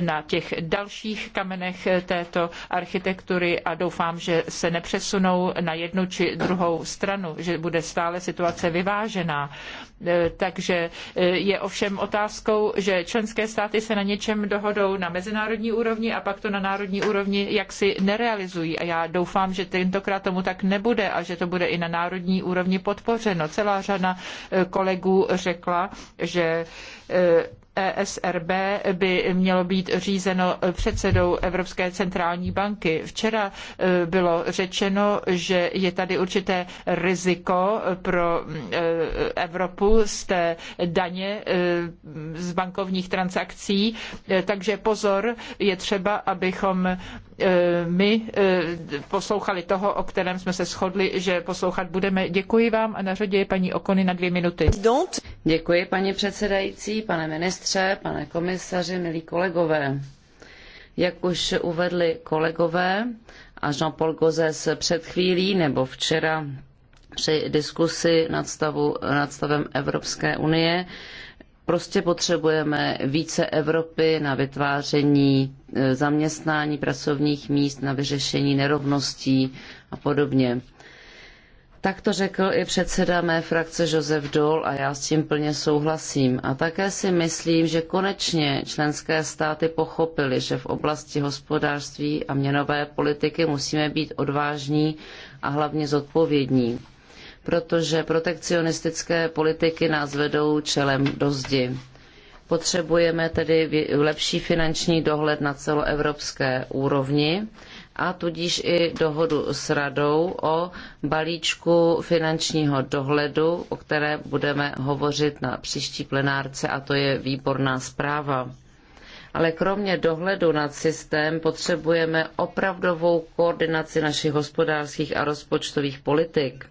na těch dalších kamenech této architektury a doufám, že se nepřesunou na jednu či druhou stranu, že bude stále situace vyvážená. E, takže e, je ovšem otázkou, že členské státy se na něčem dohodou na mezinárodní úrovni a pak to na národní úrovni jaksi nerealizují. A já doufám, že tentokrát tomu tak nebude a že to bude i na národní úrovni podpořeno. Celá řada e, kolegů řekla, že ESRB by mělo být řízeno předsedou Evropské centrální banky. Včera e, bylo řečeno, že je tady určité riziko pro e, Evropu z té daně e, z bankovních transakcí, takže pozor, je třeba, abychom my poslouchali toho, o kterém jsme se shodli, že poslouchat budeme. Děkuji vám a na řadě je paní Okony na dvě minuty. Děkuji, paní předsedající, pane ministře ministře, pane komisaři, milí kolegové. Jak už uvedli kolegové a Jean-Paul Gozes před chvílí nebo včera při diskusi nad, stavu, nad stavem Evropské unie, prostě potřebujeme více Evropy na vytváření e, zaměstnání pracovních míst, na vyřešení nerovností a podobně. Tak to řekl i předseda mé frakce Josef Dol a já s tím plně souhlasím. A také si myslím, že konečně členské státy pochopily, že v oblasti hospodářství a měnové politiky musíme být odvážní a hlavně zodpovědní, protože protekcionistické politiky nás vedou čelem do zdi. Potřebujeme tedy lepší finanční dohled na celoevropské úrovni a tudíž i dohodu s radou o balíčku finančního dohledu, o které budeme hovořit na příští plenárce a to je výborná zpráva. Ale kromě dohledu nad systém potřebujeme opravdovou koordinaci našich hospodářských a rozpočtových politik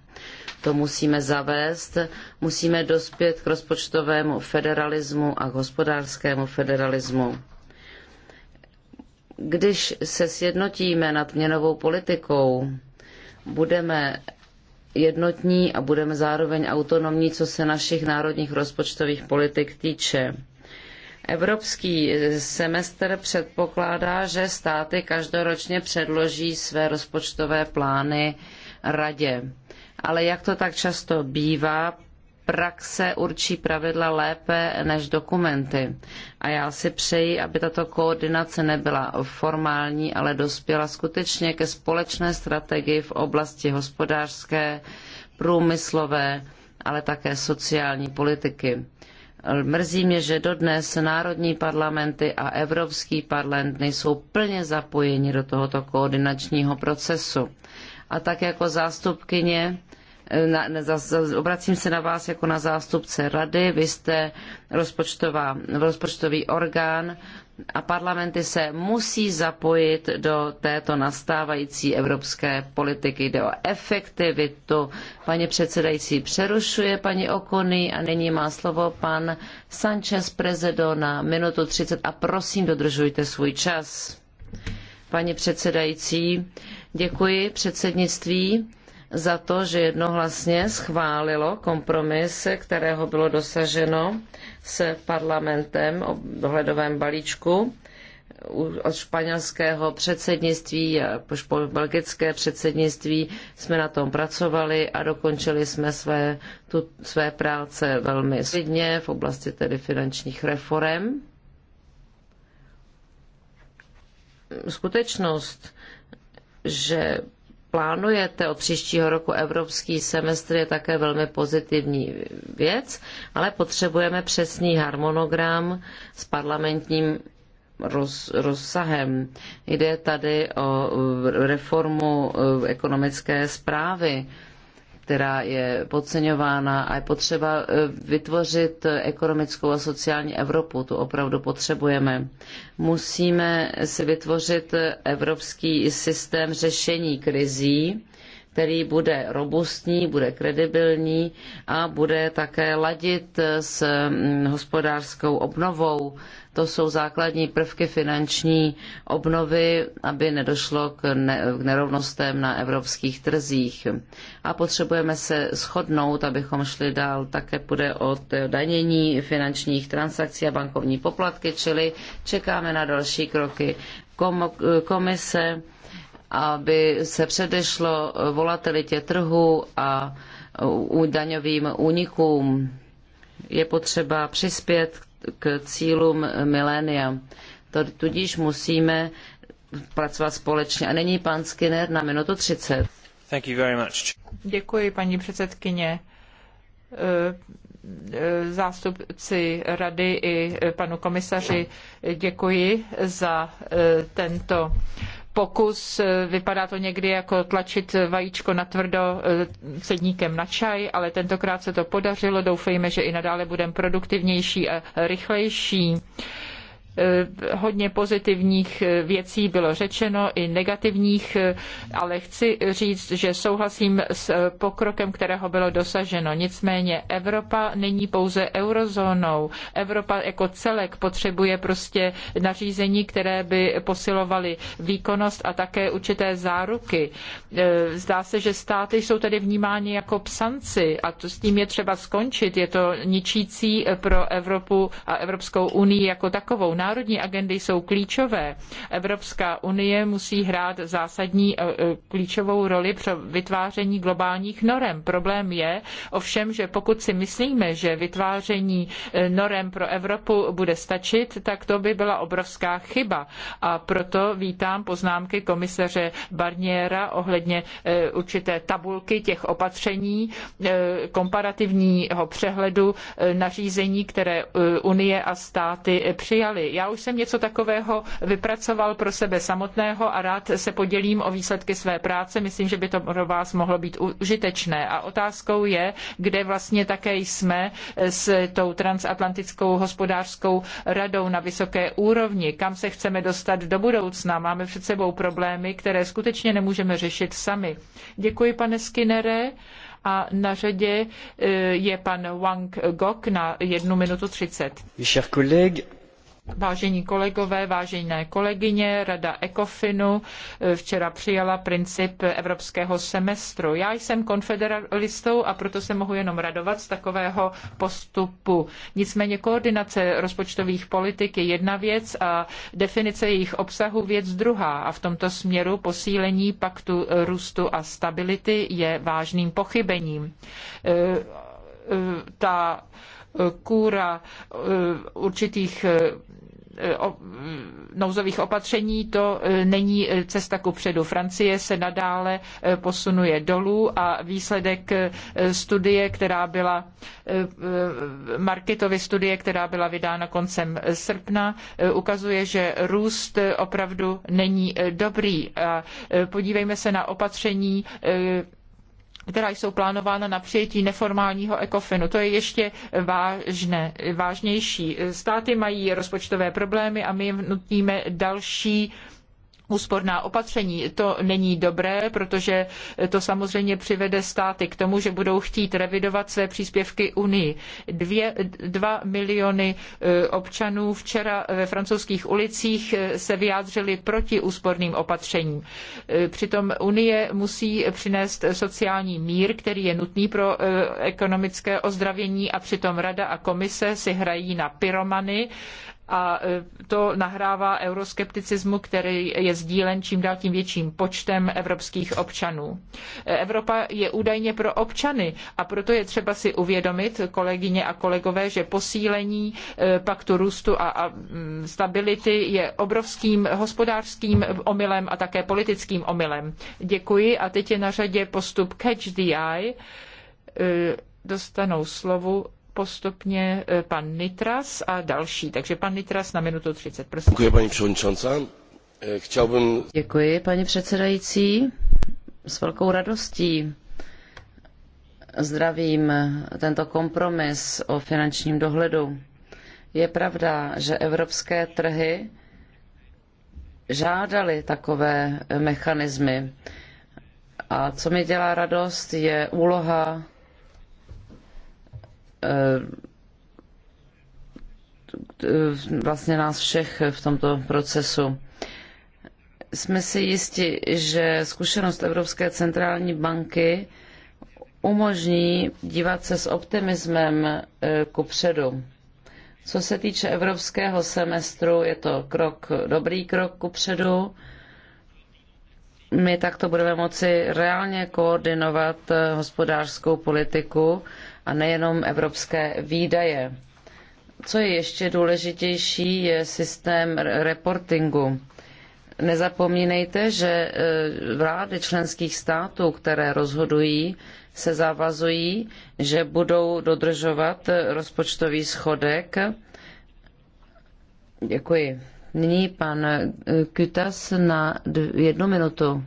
to musíme zavést, musíme dospět k rozpočtovému federalismu a k hospodářskému federalismu. Když se sjednotíme nad měnovou politikou, budeme jednotní a budeme zároveň autonomní, co se našich národních rozpočtových politik týče. Evropský semestr předpokládá, že státy každoročně předloží své rozpočtové plány radě. Ale jak to tak často bývá, praxe určí pravidla lépe než dokumenty. A já si přeji, aby tato koordinace nebyla formální, ale dospěla skutečně ke společné strategii v oblasti hospodářské, průmyslové, ale také sociální politiky. Mrzí mě, že dodnes národní parlamenty a Evropský parlament nejsou plně zapojeni do tohoto koordinačního procesu. A tak jako zástupkyně na, na, za, obracím se na vás jako na zástupce rady, vy jste rozpočtová, rozpočtový orgán a parlamenty se musí zapojit do této nastávající evropské politiky. Jde o efektivitu. Paní předsedající přerušuje paní Okony a nyní má slovo pan Sanchez Prezedo na minutu 30 a prosím dodržujte svůj čas. Paní předsedající, děkuji předsednictví za to, že jednohlasně schválilo kompromis, kterého bylo dosaženo s parlamentem o dohledovém balíčku od španělského předsednictví a po belgické předsednictví jsme na tom pracovali a dokončili jsme své, tu, své práce velmi solidně v oblasti tedy finančních reforem. Skutečnost, že plánujete od příštího roku evropský semestr je také velmi pozitivní věc, ale potřebujeme přesný harmonogram s parlamentním roz, rozsahem. Jde tady o eh, reformu eh, ekonomické zprávy která je podceňována a je potřeba eh, vytvořit ekonomickou a sociální Evropu. Tu opravdu potřebujeme. Musíme si vytvořit evropský systém řešení krizí, který bude robustní, bude kredibilní a bude také ladit s mm, hospodářskou obnovou to jsou základní prvky finanční obnovy, aby nedošlo k, nerovnostem na evropských trzích. A potřebujeme se shodnout, abychom šli dál. Také půjde o danění finančních transakcí a bankovní poplatky, čili čekáme na další kroky komise, aby se předešlo volatilitě trhu a daňovým únikům je potřeba přispět k cílům milénia. tudíž musíme pracovat společně. A není pan Skinner na minutu 30. Thank you very much. Děkuji, paní předsedkyně zástupci rady i panu komisaři děkuji za tento pokus. Eh, vypadá to někdy jako tlačit vajíčko na tvrdo eh, sedníkem na čaj, ale tentokrát se to podařilo. Doufejme, že i nadále budeme produktivnější a rychlejší. Eh, hodně pozitivních eh, věcí bylo řečeno i negativních, eh, ale chci říct, že souhlasím s pokrokem, kterého bylo dosaženo. Nicméně Evropa není pouze eurozónou. Evropa jako celek potřebuje prostě nařízení, které by posilovaly výkonnost a také určité záruky. Zdá se, že státy jsou tedy vnímány jako psanci a to s tím je třeba skončit. Je to ničící pro Evropu a Evropskou unii jako takovou národní agendy jsou klíčové. Evropská unie musí hrát zásadní e, e, klíčovou roli pro vytváření globálních norem. Problém je ovšem, že pokud si myslíme, že vytváření e, norem pro Evropu bude stačit, tak to by byla obrovská chyba. A proto vítám poznámky komisaře Barniera ohledně určité tabulky těch opatření, komparativního přehledu nařízení, které Unie a státy přijaly. Já už jsem něco takového vypracoval pro sebe samotného a rád se podělím o výsledky své práce. Myslím, že by to pro vás mohlo být užitečné. A otázkou je, kde vlastně také jsme s tou transatlantickou hospodářskou radou na vysoké úrovni, kam se chceme dostat do budoucna. Máme před sebou problémy, které skutečně nemůžeme řešit sami. Děkuji, pane Skinnere. A na řadě eh, je pan Wang Gok na jednu minutu třicet. Vážení kolegové, vážené kolegyně, Rada Ekofinu eh, včera přijala princip evropského semestru. Já jsem konfederalistou a proto se mohu jenom radovat z takového postupu. Nicméně koordinace rozpočtových politik je jedna věc a definice jejich obsahu věc druhá. A v tomto směru posílení paktu růstu a stability je vážným pochybením. Eh, eh, ta kůra určitých Eh, mm, nouzových opatření, to eh, není eh, cesta ku předu. Francie se nadále posunuje dolů a výsledek studie, která byla Marketovy studie, která byla vydána koncem srpna, ukazuje, že růst opravdu není dobrý. podívejme se na opatření, která jsou plánována na přijetí neformálního ECOFINu. To je ještě vážné, vážnější. Státy mají rozpočtové problémy a my jim nutíme další úsporná opatření. To není dobré, protože to samozřejmě přivede státy k tomu, že budou chtít revidovat své příspěvky Unii. Dvě, dva miliony e, občanů včera ve francouzských ulicích e, se vyjádřili proti úsporným opatřením. E, přitom Unie musí přinést sociální mír, který je nutný pro ekonomické ozdravění a přitom Rada a komise si hrají na pyromany a e, to nahrává euroskepticismu, který je sdílen čím dál tím větším počtem evropských občanů. E, Evropa je údajně pro občany a proto je třeba si uvědomit, kolegyně a kolegové, že posílení e, paktu růstu a, mm, stability je obrovským hospodářským omylem a také politickým omylem. Děkuji a teď je na řadě postup Catch the Eye. Dostanou slovo postupně e, pan Nitras a další. Takže pan Nitras na minutu 30, prosím. Děkuji, paní předsedající. E, Chciałbym... Děkuji, paní předsedající. S velkou radostí zdravím tento kompromis o finančním dohledu. Je pravda, že evropské trhy žádali takové mechanismy. A co mi dělá radost, je úloha Eh, vlastně nás všech v tomto procesu. Jsme si jisti, že zkušenost Evropské centrální banky umožní dívat se s optimismem eh, kupředu. Co se týče evropského semestru, je to krok, dobrý krok kupředu. My takto budeme moci reálně koordinovat eh, hospodářskou politiku a nejenom evropské výdaje. Co je ještě důležitější, je systém reportingu. Nezapomínejte, že e, vlády členských států, které rozhodují, se zavazují, že budou dodržovat rozpočtový schodek. Děkuji. Nyní pan e, Kytas na jednu minutu.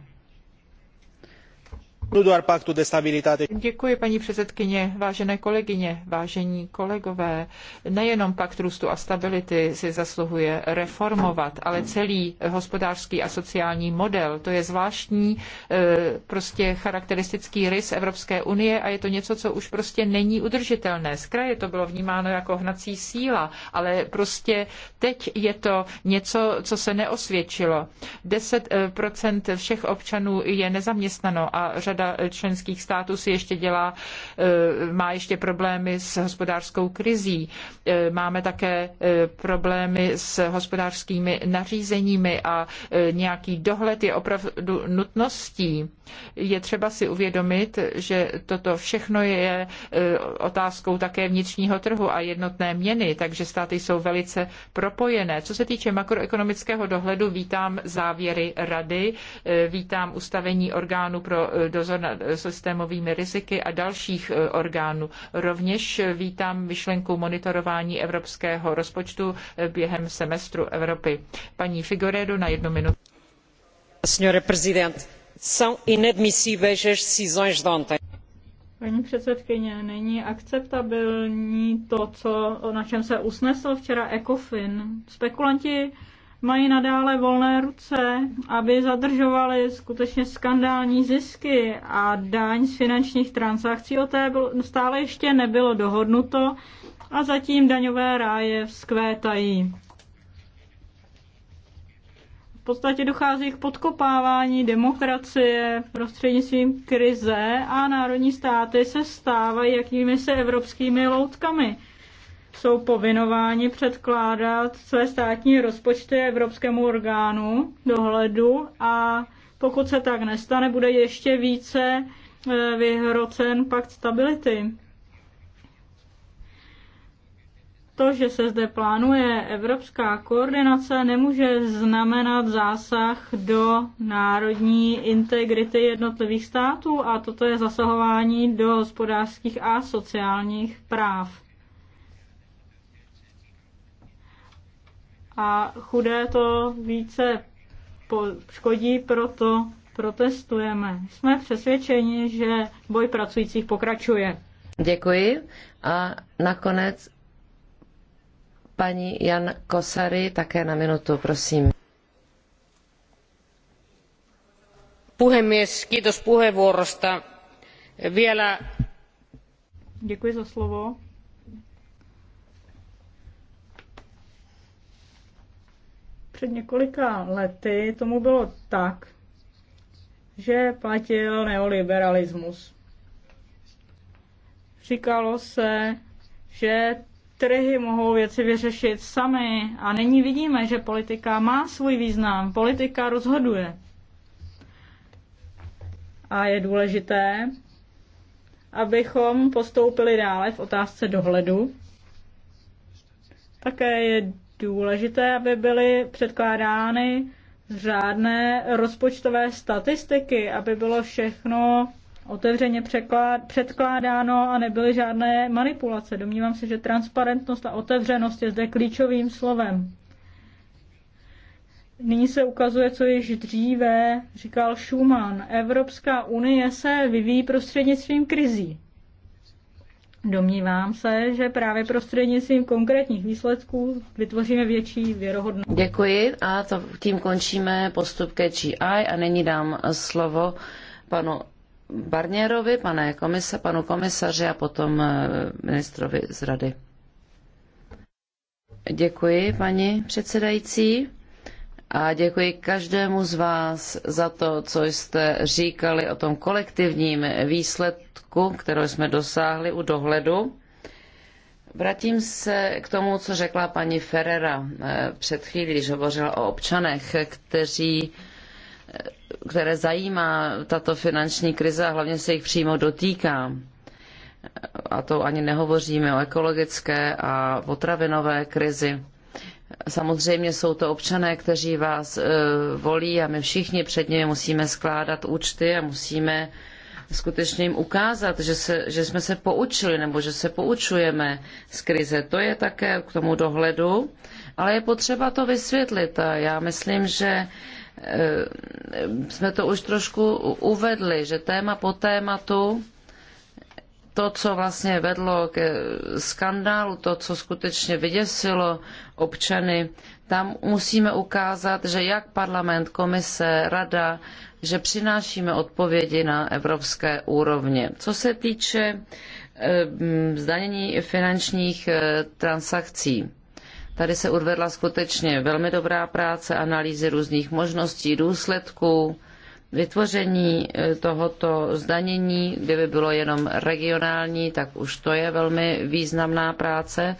Děkuji, paní předsedkyně, vážené kolegyně, vážení kolegové. Nejenom pakt růstu a stability si zasluhuje reformovat, ale celý hospodářský a sociální model. To je zvláštní, eh, prostě charakteristický rys Evropské unie a je to něco, co už prostě není udržitelné. Z kraje to bylo vnímáno jako hnací síla, ale prostě teď je to něco, co se neosvědčilo. 10% eh, všech občanů je nezaměstnáno a řada řada eh, členských států si ještě dělá, eh, má ještě problémy s hospodářskou krizí. Eh, máme také problémy s hospodářskými nařízeními a nějaký dohled je opravdu nutností. Je třeba si uvědomit, že toto všechno je otázkou také vnitřního trhu a jednotné měny, takže státy jsou velice propojené. Co se týče makroekonomického dohledu, vítám závěry rady, vítám ustavení orgánu pro dozor dozor nad systémovými riziky a dalších e, orgánů. Rovněž vítám myšlenku monitorování evropského rozpočtu e, během semestru Evropy. Paní Figueredo na jednu minutu. Senhora Presidente, jsou inadmissíveis as decisões de Paní předsedkyně, není akceptabilní to, co, na čem se usnesl včera ECOFIN. Spekulanti mají nadále volné ruce, aby zadržovali skutečně skandální zisky a daň z finančních transakcí. O té stále ještě nebylo dohodnuto a zatím daňové ráje vzkvétají. V podstatě dochází k podkopávání demokracie prostřednictvím krize a národní státy se stávají jakými se evropskými loutkami jsou povinováni předkládat své státní rozpočty Evropskému orgánu dohledu a pokud se tak nestane, bude ještě více e, vyhrocen pakt stability. To, že se zde plánuje evropská koordinace, nemůže znamenat zásah do národní integrity jednotlivých států a toto je zasahování do hospodářských a sociálních práv. a chudé to více škodí, proto protestujeme. Jsme přesvědčeni, že boj pracujících pokračuje. Děkuji. A nakonec paní Jan Kosary, také na minutu, prosím. Puhemies, kiitos puheenvuorosta. Vielä... Děkuji za slovo. Před několika lety tomu bylo tak, že platil neoliberalismus. Říkalo se, že trhy mohou věci vyřešit sami a nyní vidíme, že politika má svůj význam, politika rozhoduje. A je důležité, abychom postoupili dále v otázce dohledu. Také je důležité, aby byly předkládány řádné rozpočtové statistiky, aby bylo všechno otevřeně předkládáno a nebyly žádné manipulace. Domnívám se, že transparentnost a otevřenost je zde klíčovým slovem. Nyní se ukazuje, co již dříve říkal Schumann. Evropská unie se vyvíjí prostřednictvím krizí. Domnívám se, že právě prostřednictvím konkrétních výsledků vytvoříme větší věrohodnost. Děkuji a to, tím končíme postup ke GI a nyní dám slovo panu Barnierovi, pane komisa, panu komisaři a potom eh, ministrovi z rady. Děkuji, paní předsedající a děkuji každému z vás za to, co jste říkali o tom kolektivním výsledku, kterého jsme dosáhli u dohledu. Vrátím se k tomu, co řekla paní Ferrera eh, před chvílí, když hovořila o občanech, kteří, eh, které zajímá tato finanční krize a hlavně se jich přímo dotýká. Eh, a to ani nehovoříme o ekologické a potravinové krizi. Samozřejmě jsou to občané, kteří vás e, volí a my všichni před nimi musíme skládat účty a musíme skutečně jim ukázat, že, se, že jsme se poučili nebo že se poučujeme z krize. To je také k tomu dohledu, ale je potřeba to vysvětlit. A já myslím, že e, jsme to už trošku uvedli, že téma po tématu to, co vlastně vedlo ke skandálu, to, co skutečně vyděsilo občany, tam musíme ukázat, že jak parlament, komise, rada, že přinášíme odpovědi na evropské úrovni. Co se týče eh, zdanění finančních eh, transakcí, tady se odvedla skutečně velmi dobrá práce, analýzy různých možností, důsledků, Vytvoření e, tohoto zdanění, kdyby bylo jenom regionální, tak už to je velmi významná práce.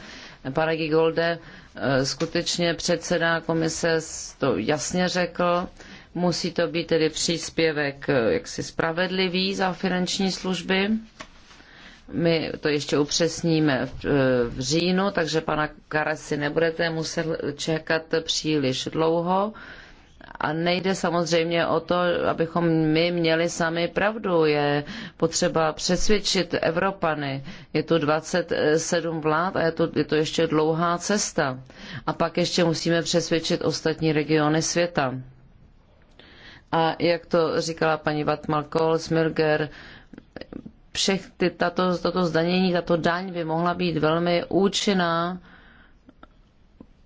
Pane Gigolde, e, skutečně předseda komise to jasně řekl. Musí to být tedy příspěvek e, jaksi spravedlivý za finanční služby. My to ještě upřesníme v, v říjnu, takže pana Karasi nebudete muset čekat příliš dlouho. A nejde samozřejmě o to, abychom my měli sami pravdu. Je potřeba přesvědčit Evropany. Je tu 27 vlád a je to, je to ještě dlouhá cesta. A pak ještě musíme přesvědčit ostatní regiony světa. A jak to říkala paní Vatmalkol, Smirger, všech ty, tato, toto zdanění, tato daň by mohla být velmi účinná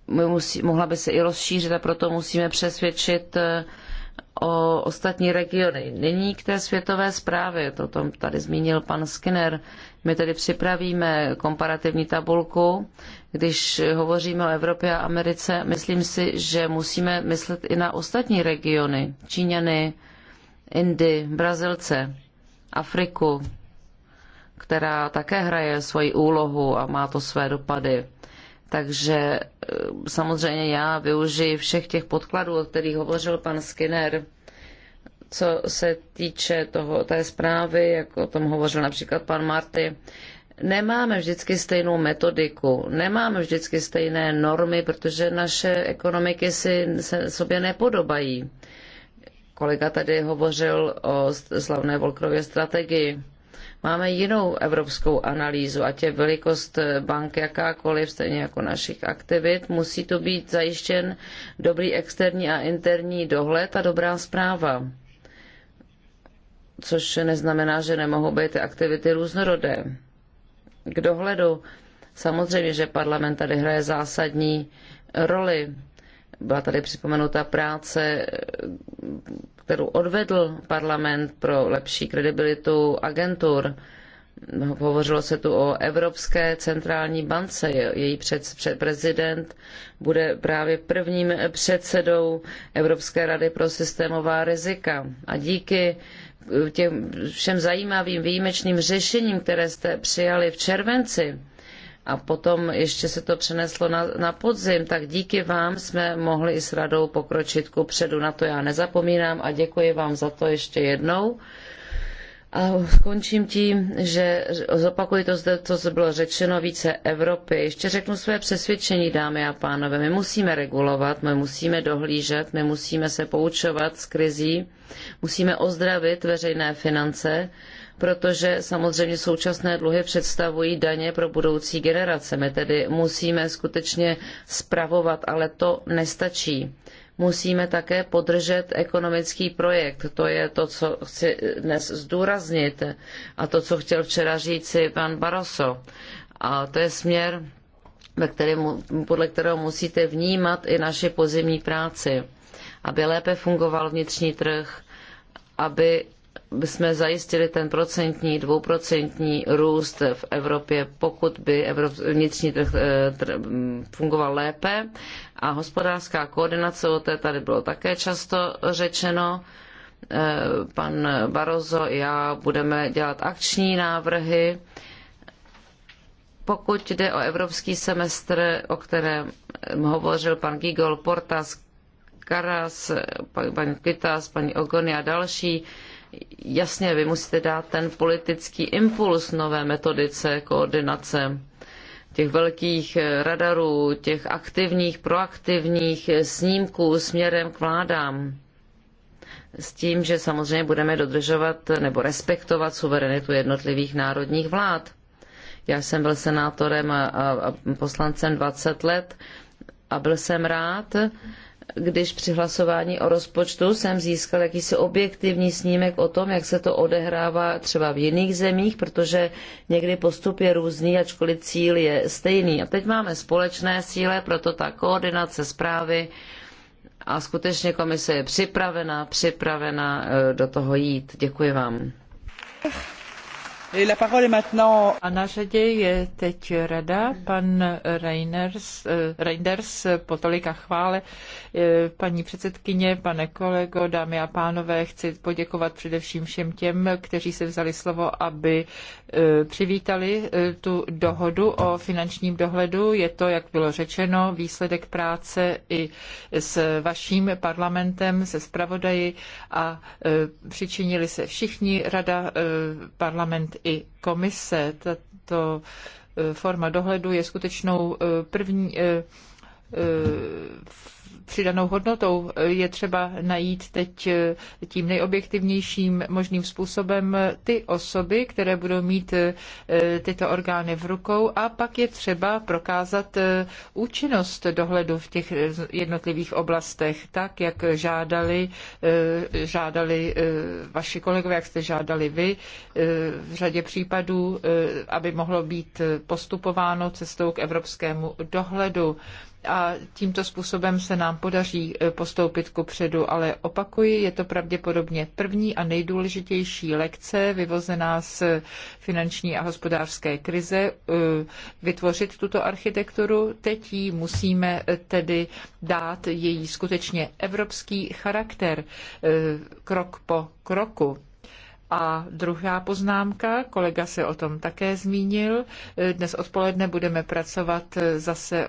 musí, mohla by se i rozšířit a proto musíme přesvědčit eh, o ostatní regiony. Nyní k té světové zprávě, to tom tady zmínil pan Skinner. My tedy připravíme komparativní tabulku, když hovoříme o Evropě a Americe, myslím si, že musíme myslet i na ostatní regiony. Číňany, Indy, Brazilce, Afriku, která také hraje svoji úlohu a má to své dopady. Takže e, samozřejmě já využiji všech těch podkladů, o kterých hovořil pan Skinner, co se týče toho, té zprávy, jak o tom hovořil například pan Marty, nemáme vždycky stejnou metodiku, nemáme vždycky stejné normy, protože naše ekonomiky si se, sobě nepodobají. Kolega tady hovořil o slavné Volkrově strategii. Máme jinou evropskou analýzu, ať je velikost bank jakákoliv, stejně jako našich aktivit, musí tu být zajištěn dobrý externí a interní dohled a dobrá zpráva. Což neznamená, že nemohou být ty aktivity různorodé. K dohledu samozřejmě, že parlament tady hraje zásadní roli. Byla tady připomenuta práce kterou odvedl parlament pro lepší kredibilitu agentur. Hovořilo se tu o Evropské centrální bance. Její před, před prezident bude právě prvním předsedou Evropské rady pro systémová rizika. A díky eh, těm všem zajímavým výjimečným řešením, které jste přijali v červenci, a potom ještě se to přeneslo na, na podzim, tak díky vám jsme mohli i s radou pokročit ku předu. Na to já nezapomínám a děkuji vám za to ještě jednou. A skončím tím, že zopakuji to zde, co bylo řečeno, více Evropy. Ještě řeknu své přesvědčení, dámy a pánové. My musíme regulovat, my musíme dohlížet, my musíme se poučovat z krizí, musíme ozdravit veřejné finance, protože samozřejmě současné dluhy představují daně pro budoucí generace. My tedy musíme skutečně spravovat, ale to nestačí. Musíme také podržet ekonomický projekt. To je to, co chci dnes zdůraznit a to, co chtěl včera říci pan Barroso. A to je směr, podle kterého musíte vnímat i naši pozemní práci, aby lépe fungoval vnitřní trh, aby jsme zajistili ten procentní, dvouprocentní růst v Evropě, pokud by vnitřní trh eh, fungoval lépe. A hospodářská koordinace, o té tady bylo také často řečeno, eh, pan Barroso i já budeme dělat akční návrhy. Pokud jde o evropský semestr, o kterém hovořil pan Gigol Portas, Karas, paní Kytas, paní Ogony a další, jasně, vy musíte dát ten politický impuls nové metodice koordinace těch velkých eh, radarů, těch aktivních, proaktivních eh, snímků směrem k vládám. S tím, že samozřejmě budeme dodržovat eh, nebo respektovat suverenitu jednotlivých národních vlád. Já jsem byl senátorem a, poslancem 20 let a byl jsem rád, když při hlasování o rozpočtu jsem získal jakýsi objektivní snímek o tom, jak se to odehrává třeba v jiných zemích, protože někdy postup je různý, ačkoliv cíl je stejný. A teď máme společné cíle, proto ta koordinace zprávy a skutečně komise je připravena, připravena eh, do toho jít. Děkuji vám na řadě je teď rada. Pan Reiners, eh, Reinders po tolika chvále, eh, paní předsedkyně, pane kolego, dámy a pánové, chci poděkovat především všem těm, kteří se vzali slovo, aby eh, přivítali tu dohodu o finančním dohledu. Je to, jak bylo řečeno, výsledek práce i s vaším parlamentem, se zpravodaji a přičinili se všichni, rada, parlament i komise. Tato eh, forma dohledu je skutečnou eh, první eh, přidanou hodnotou. Je třeba najít teď tím nejobjektivnějším možným způsobem ty osoby, které budou mít eh, tyto orgány v rukou a pak je třeba prokázat eh, účinnost dohledu v těch eh, jednotlivých oblastech, tak jak žádali, žádali vaši kolegové, jak jste žádali vy, v řadě případů, aby mohlo být postupováno cestou k evropskému dohledu a tímto způsobem se nám podaří e, postoupit ku předu, ale opakuji, je to pravděpodobně první a nejdůležitější lekce vyvozená z finanční a hospodářské krize e, vytvořit tuto architekturu. Teď jí musíme e, tedy dát její skutečně evropský charakter krok po kroku. A druhá poznámka, kolega se o tom také zmínil, dnes odpoledne budeme pracovat zase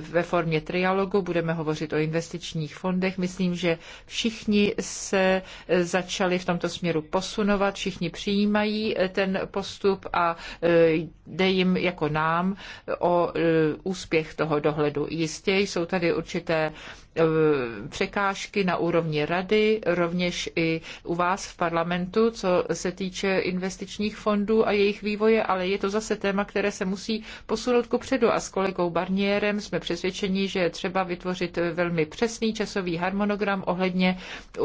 ve formě trialogu, budeme hovořit o investičních fondech. Myslím, že všichni se začali v tomto směru posunovat, všichni přijímají ten postup a jde jim jako nám o e, úspěch toho dohledu. Jistě jsou tady určité e, překážky na úrovni rady, rovněž i u vás v parlamentu, co se týče investičních fondů a jejich vývoje, ale je to zase téma, které se musí posunout ku předu a s kolegou Barnierem jsme přesvědčeni, že je třeba vytvořit velmi přesný časový harmonogram ohledně e,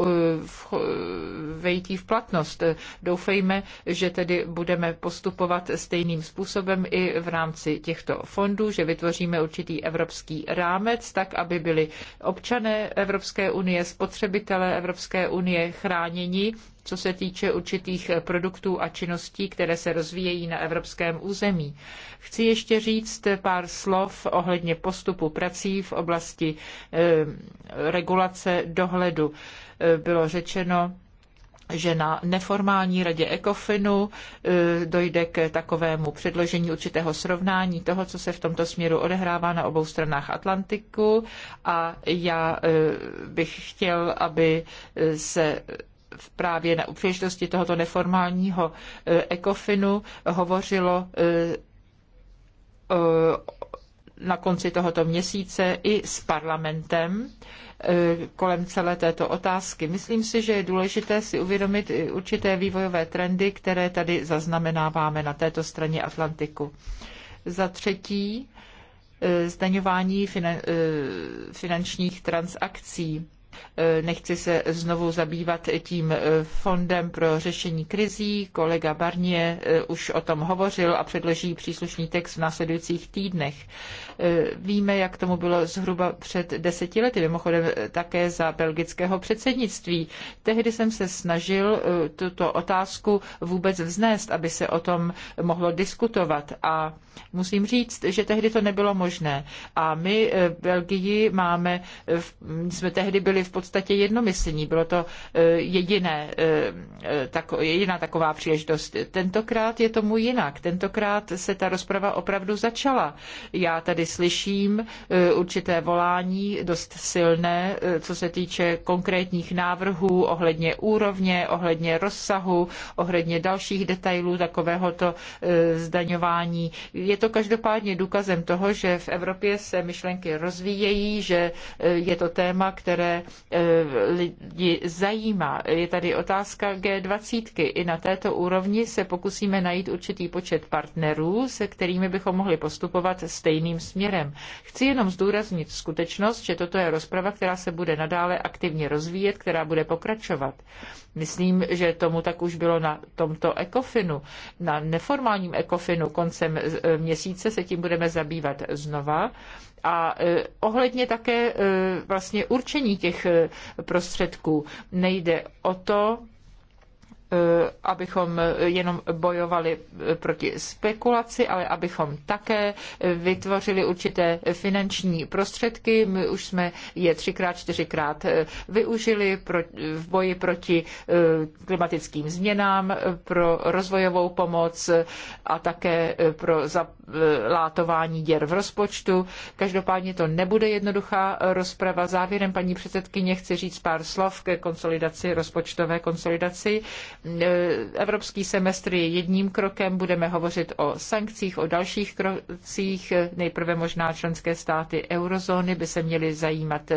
vejtí v platnost. Doufejme, že tedy budeme postupovat stejným způsobem způsobem i v rámci těchto fondů, že vytvoříme určitý evropský rámec, tak aby byli občané Evropské unie, spotřebitelé Evropské unie chráněni co se týče určitých produktů a činností, které se rozvíjejí na evropském území. Chci ještě říct pár slov ohledně postupu prací v oblasti eh, regulace dohledu. Eh, bylo řečeno, že na neformální radě ECOFINu e, dojde k takovému předložení určitého srovnání toho, co se v tomto směru odehrává na obou stranách Atlantiku a já e, bych chtěl, aby e, se právě na příležitosti tohoto neformálního ECOFINu hovořilo na konci tohoto měsíce i s parlamentem eh, kolem celé této otázky. Myslím si, že je důležité si uvědomit i určité vývojové trendy, které tady zaznamenáváme na této straně Atlantiku. Za třetí, eh, zdaňování eh, finančních transakcí. E, nechci se znovu zabývat tím e, fondem pro řešení krizí. Kolega Barnier e, už o tom hovořil a předloží příslušný text v následujících týdnech. Víme, jak tomu bylo zhruba před deseti lety, mimochodem také za belgického předsednictví. Tehdy jsem se snažil tuto otázku vůbec vznést, aby se o tom mohlo diskutovat. A musím říct, že tehdy to nebylo možné. A my v Belgii máme, jsme tehdy byli byli v podstatě jednomyslní. Bylo to e, jediné, e, e, tako, jediná taková příležitost. Tentokrát je tomu jinak. Tentokrát se ta rozprava opravdu začala. Já tady slyším určité volání, dost silné, co se týče konkrétních návrhů ohledně úrovně, ohledně rozsahu, ohledně dalších detailů takovéhoto zdaňování. Je to každopádně důkazem toho, že v Evropě se myšlenky rozvíjejí, že je to téma, které Eh, lidi zajímá. Je tady otázka G20. I na této úrovni se pokusíme najít určitý počet partnerů, se kterými bychom mohli postupovat stejným směrem. Chci jenom zdůraznit skutečnost, že toto je rozprava, která se bude nadále aktivně rozvíjet, která bude pokračovat. Myslím, že tomu tak už bylo na tomto ekofinu. Na neformálním ekofinu koncem eh, měsíce se tím budeme zabývat znova. A eh, ohledně také eh, vlastně určení těch prostředků nejde o to, Eh, abychom jenom bojovali eh, proti spekulaci, ale abychom také eh, vytvořili určité finanční prostředky. My už jsme je třikrát, čtyřikrát využili v boji proti klimatickým změnám, pro rozvojovou pomoc a také pro zalátování děr v rozpočtu. Každopádně to nebude jednoduchá rozprava. Závěrem, paní předsedkyně, chci říct pár slov ke konsolidaci, rozpočtové konsolidaci Evropský semestr je jedním krokem, budeme hovořit o sankcích, o dalších krocích. Nejprve možná členské státy eurozóny by se měly zajímat,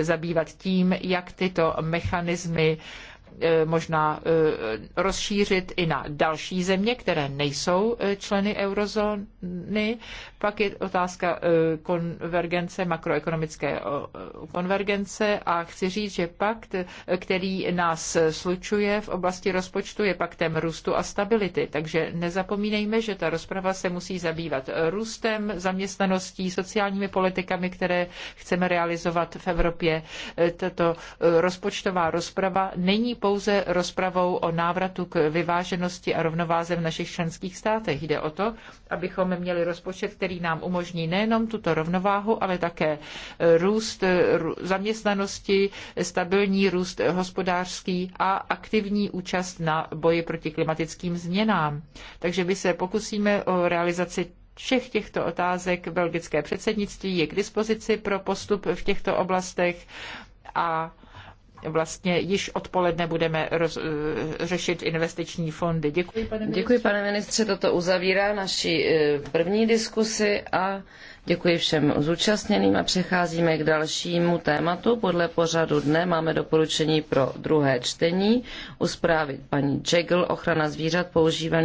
zabývat tím, jak tyto mechanismy E, možná e, rozšířit i na další země, které nejsou e, členy eurozóny. Pak je otázka konvergence, makroekonomické konvergence a chci říct, že pakt, který nás slučuje v oblasti rozpočtu, je paktem růstu a stability. Takže nezapomínejme, že ta rozprava se musí zabývat růstem, zaměstnaností, sociálními politikami, které chceme realizovat v Evropě. Tato rozpočtová rozprava není pouze rozpravou o návratu k vyváženosti a rovnováze v našich členských státech. Jde o to, abychom měli rozpočet, který nám umožní nejenom tuto rovnováhu, ale také růst zaměstnanosti, stabilní růst hospodářský a aktivní účast na boji proti klimatickým změnám. Takže my se pokusíme o realizaci všech těchto otázek belgické předsednictví je k dispozici pro postup v těchto oblastech a vlastně již odpoledne budeme roz, eh, řešit investiční fondy. Děkuji, pane ministře. Děkuji, pane ministře. Toto uzavírá naši eh, první diskusi a děkuji všem zúčastněným a přecházíme k dalšímu tématu. Podle pořadu dne máme doporučení pro druhé čtení u zprávy paní Jegl, ochrana zvířat používaných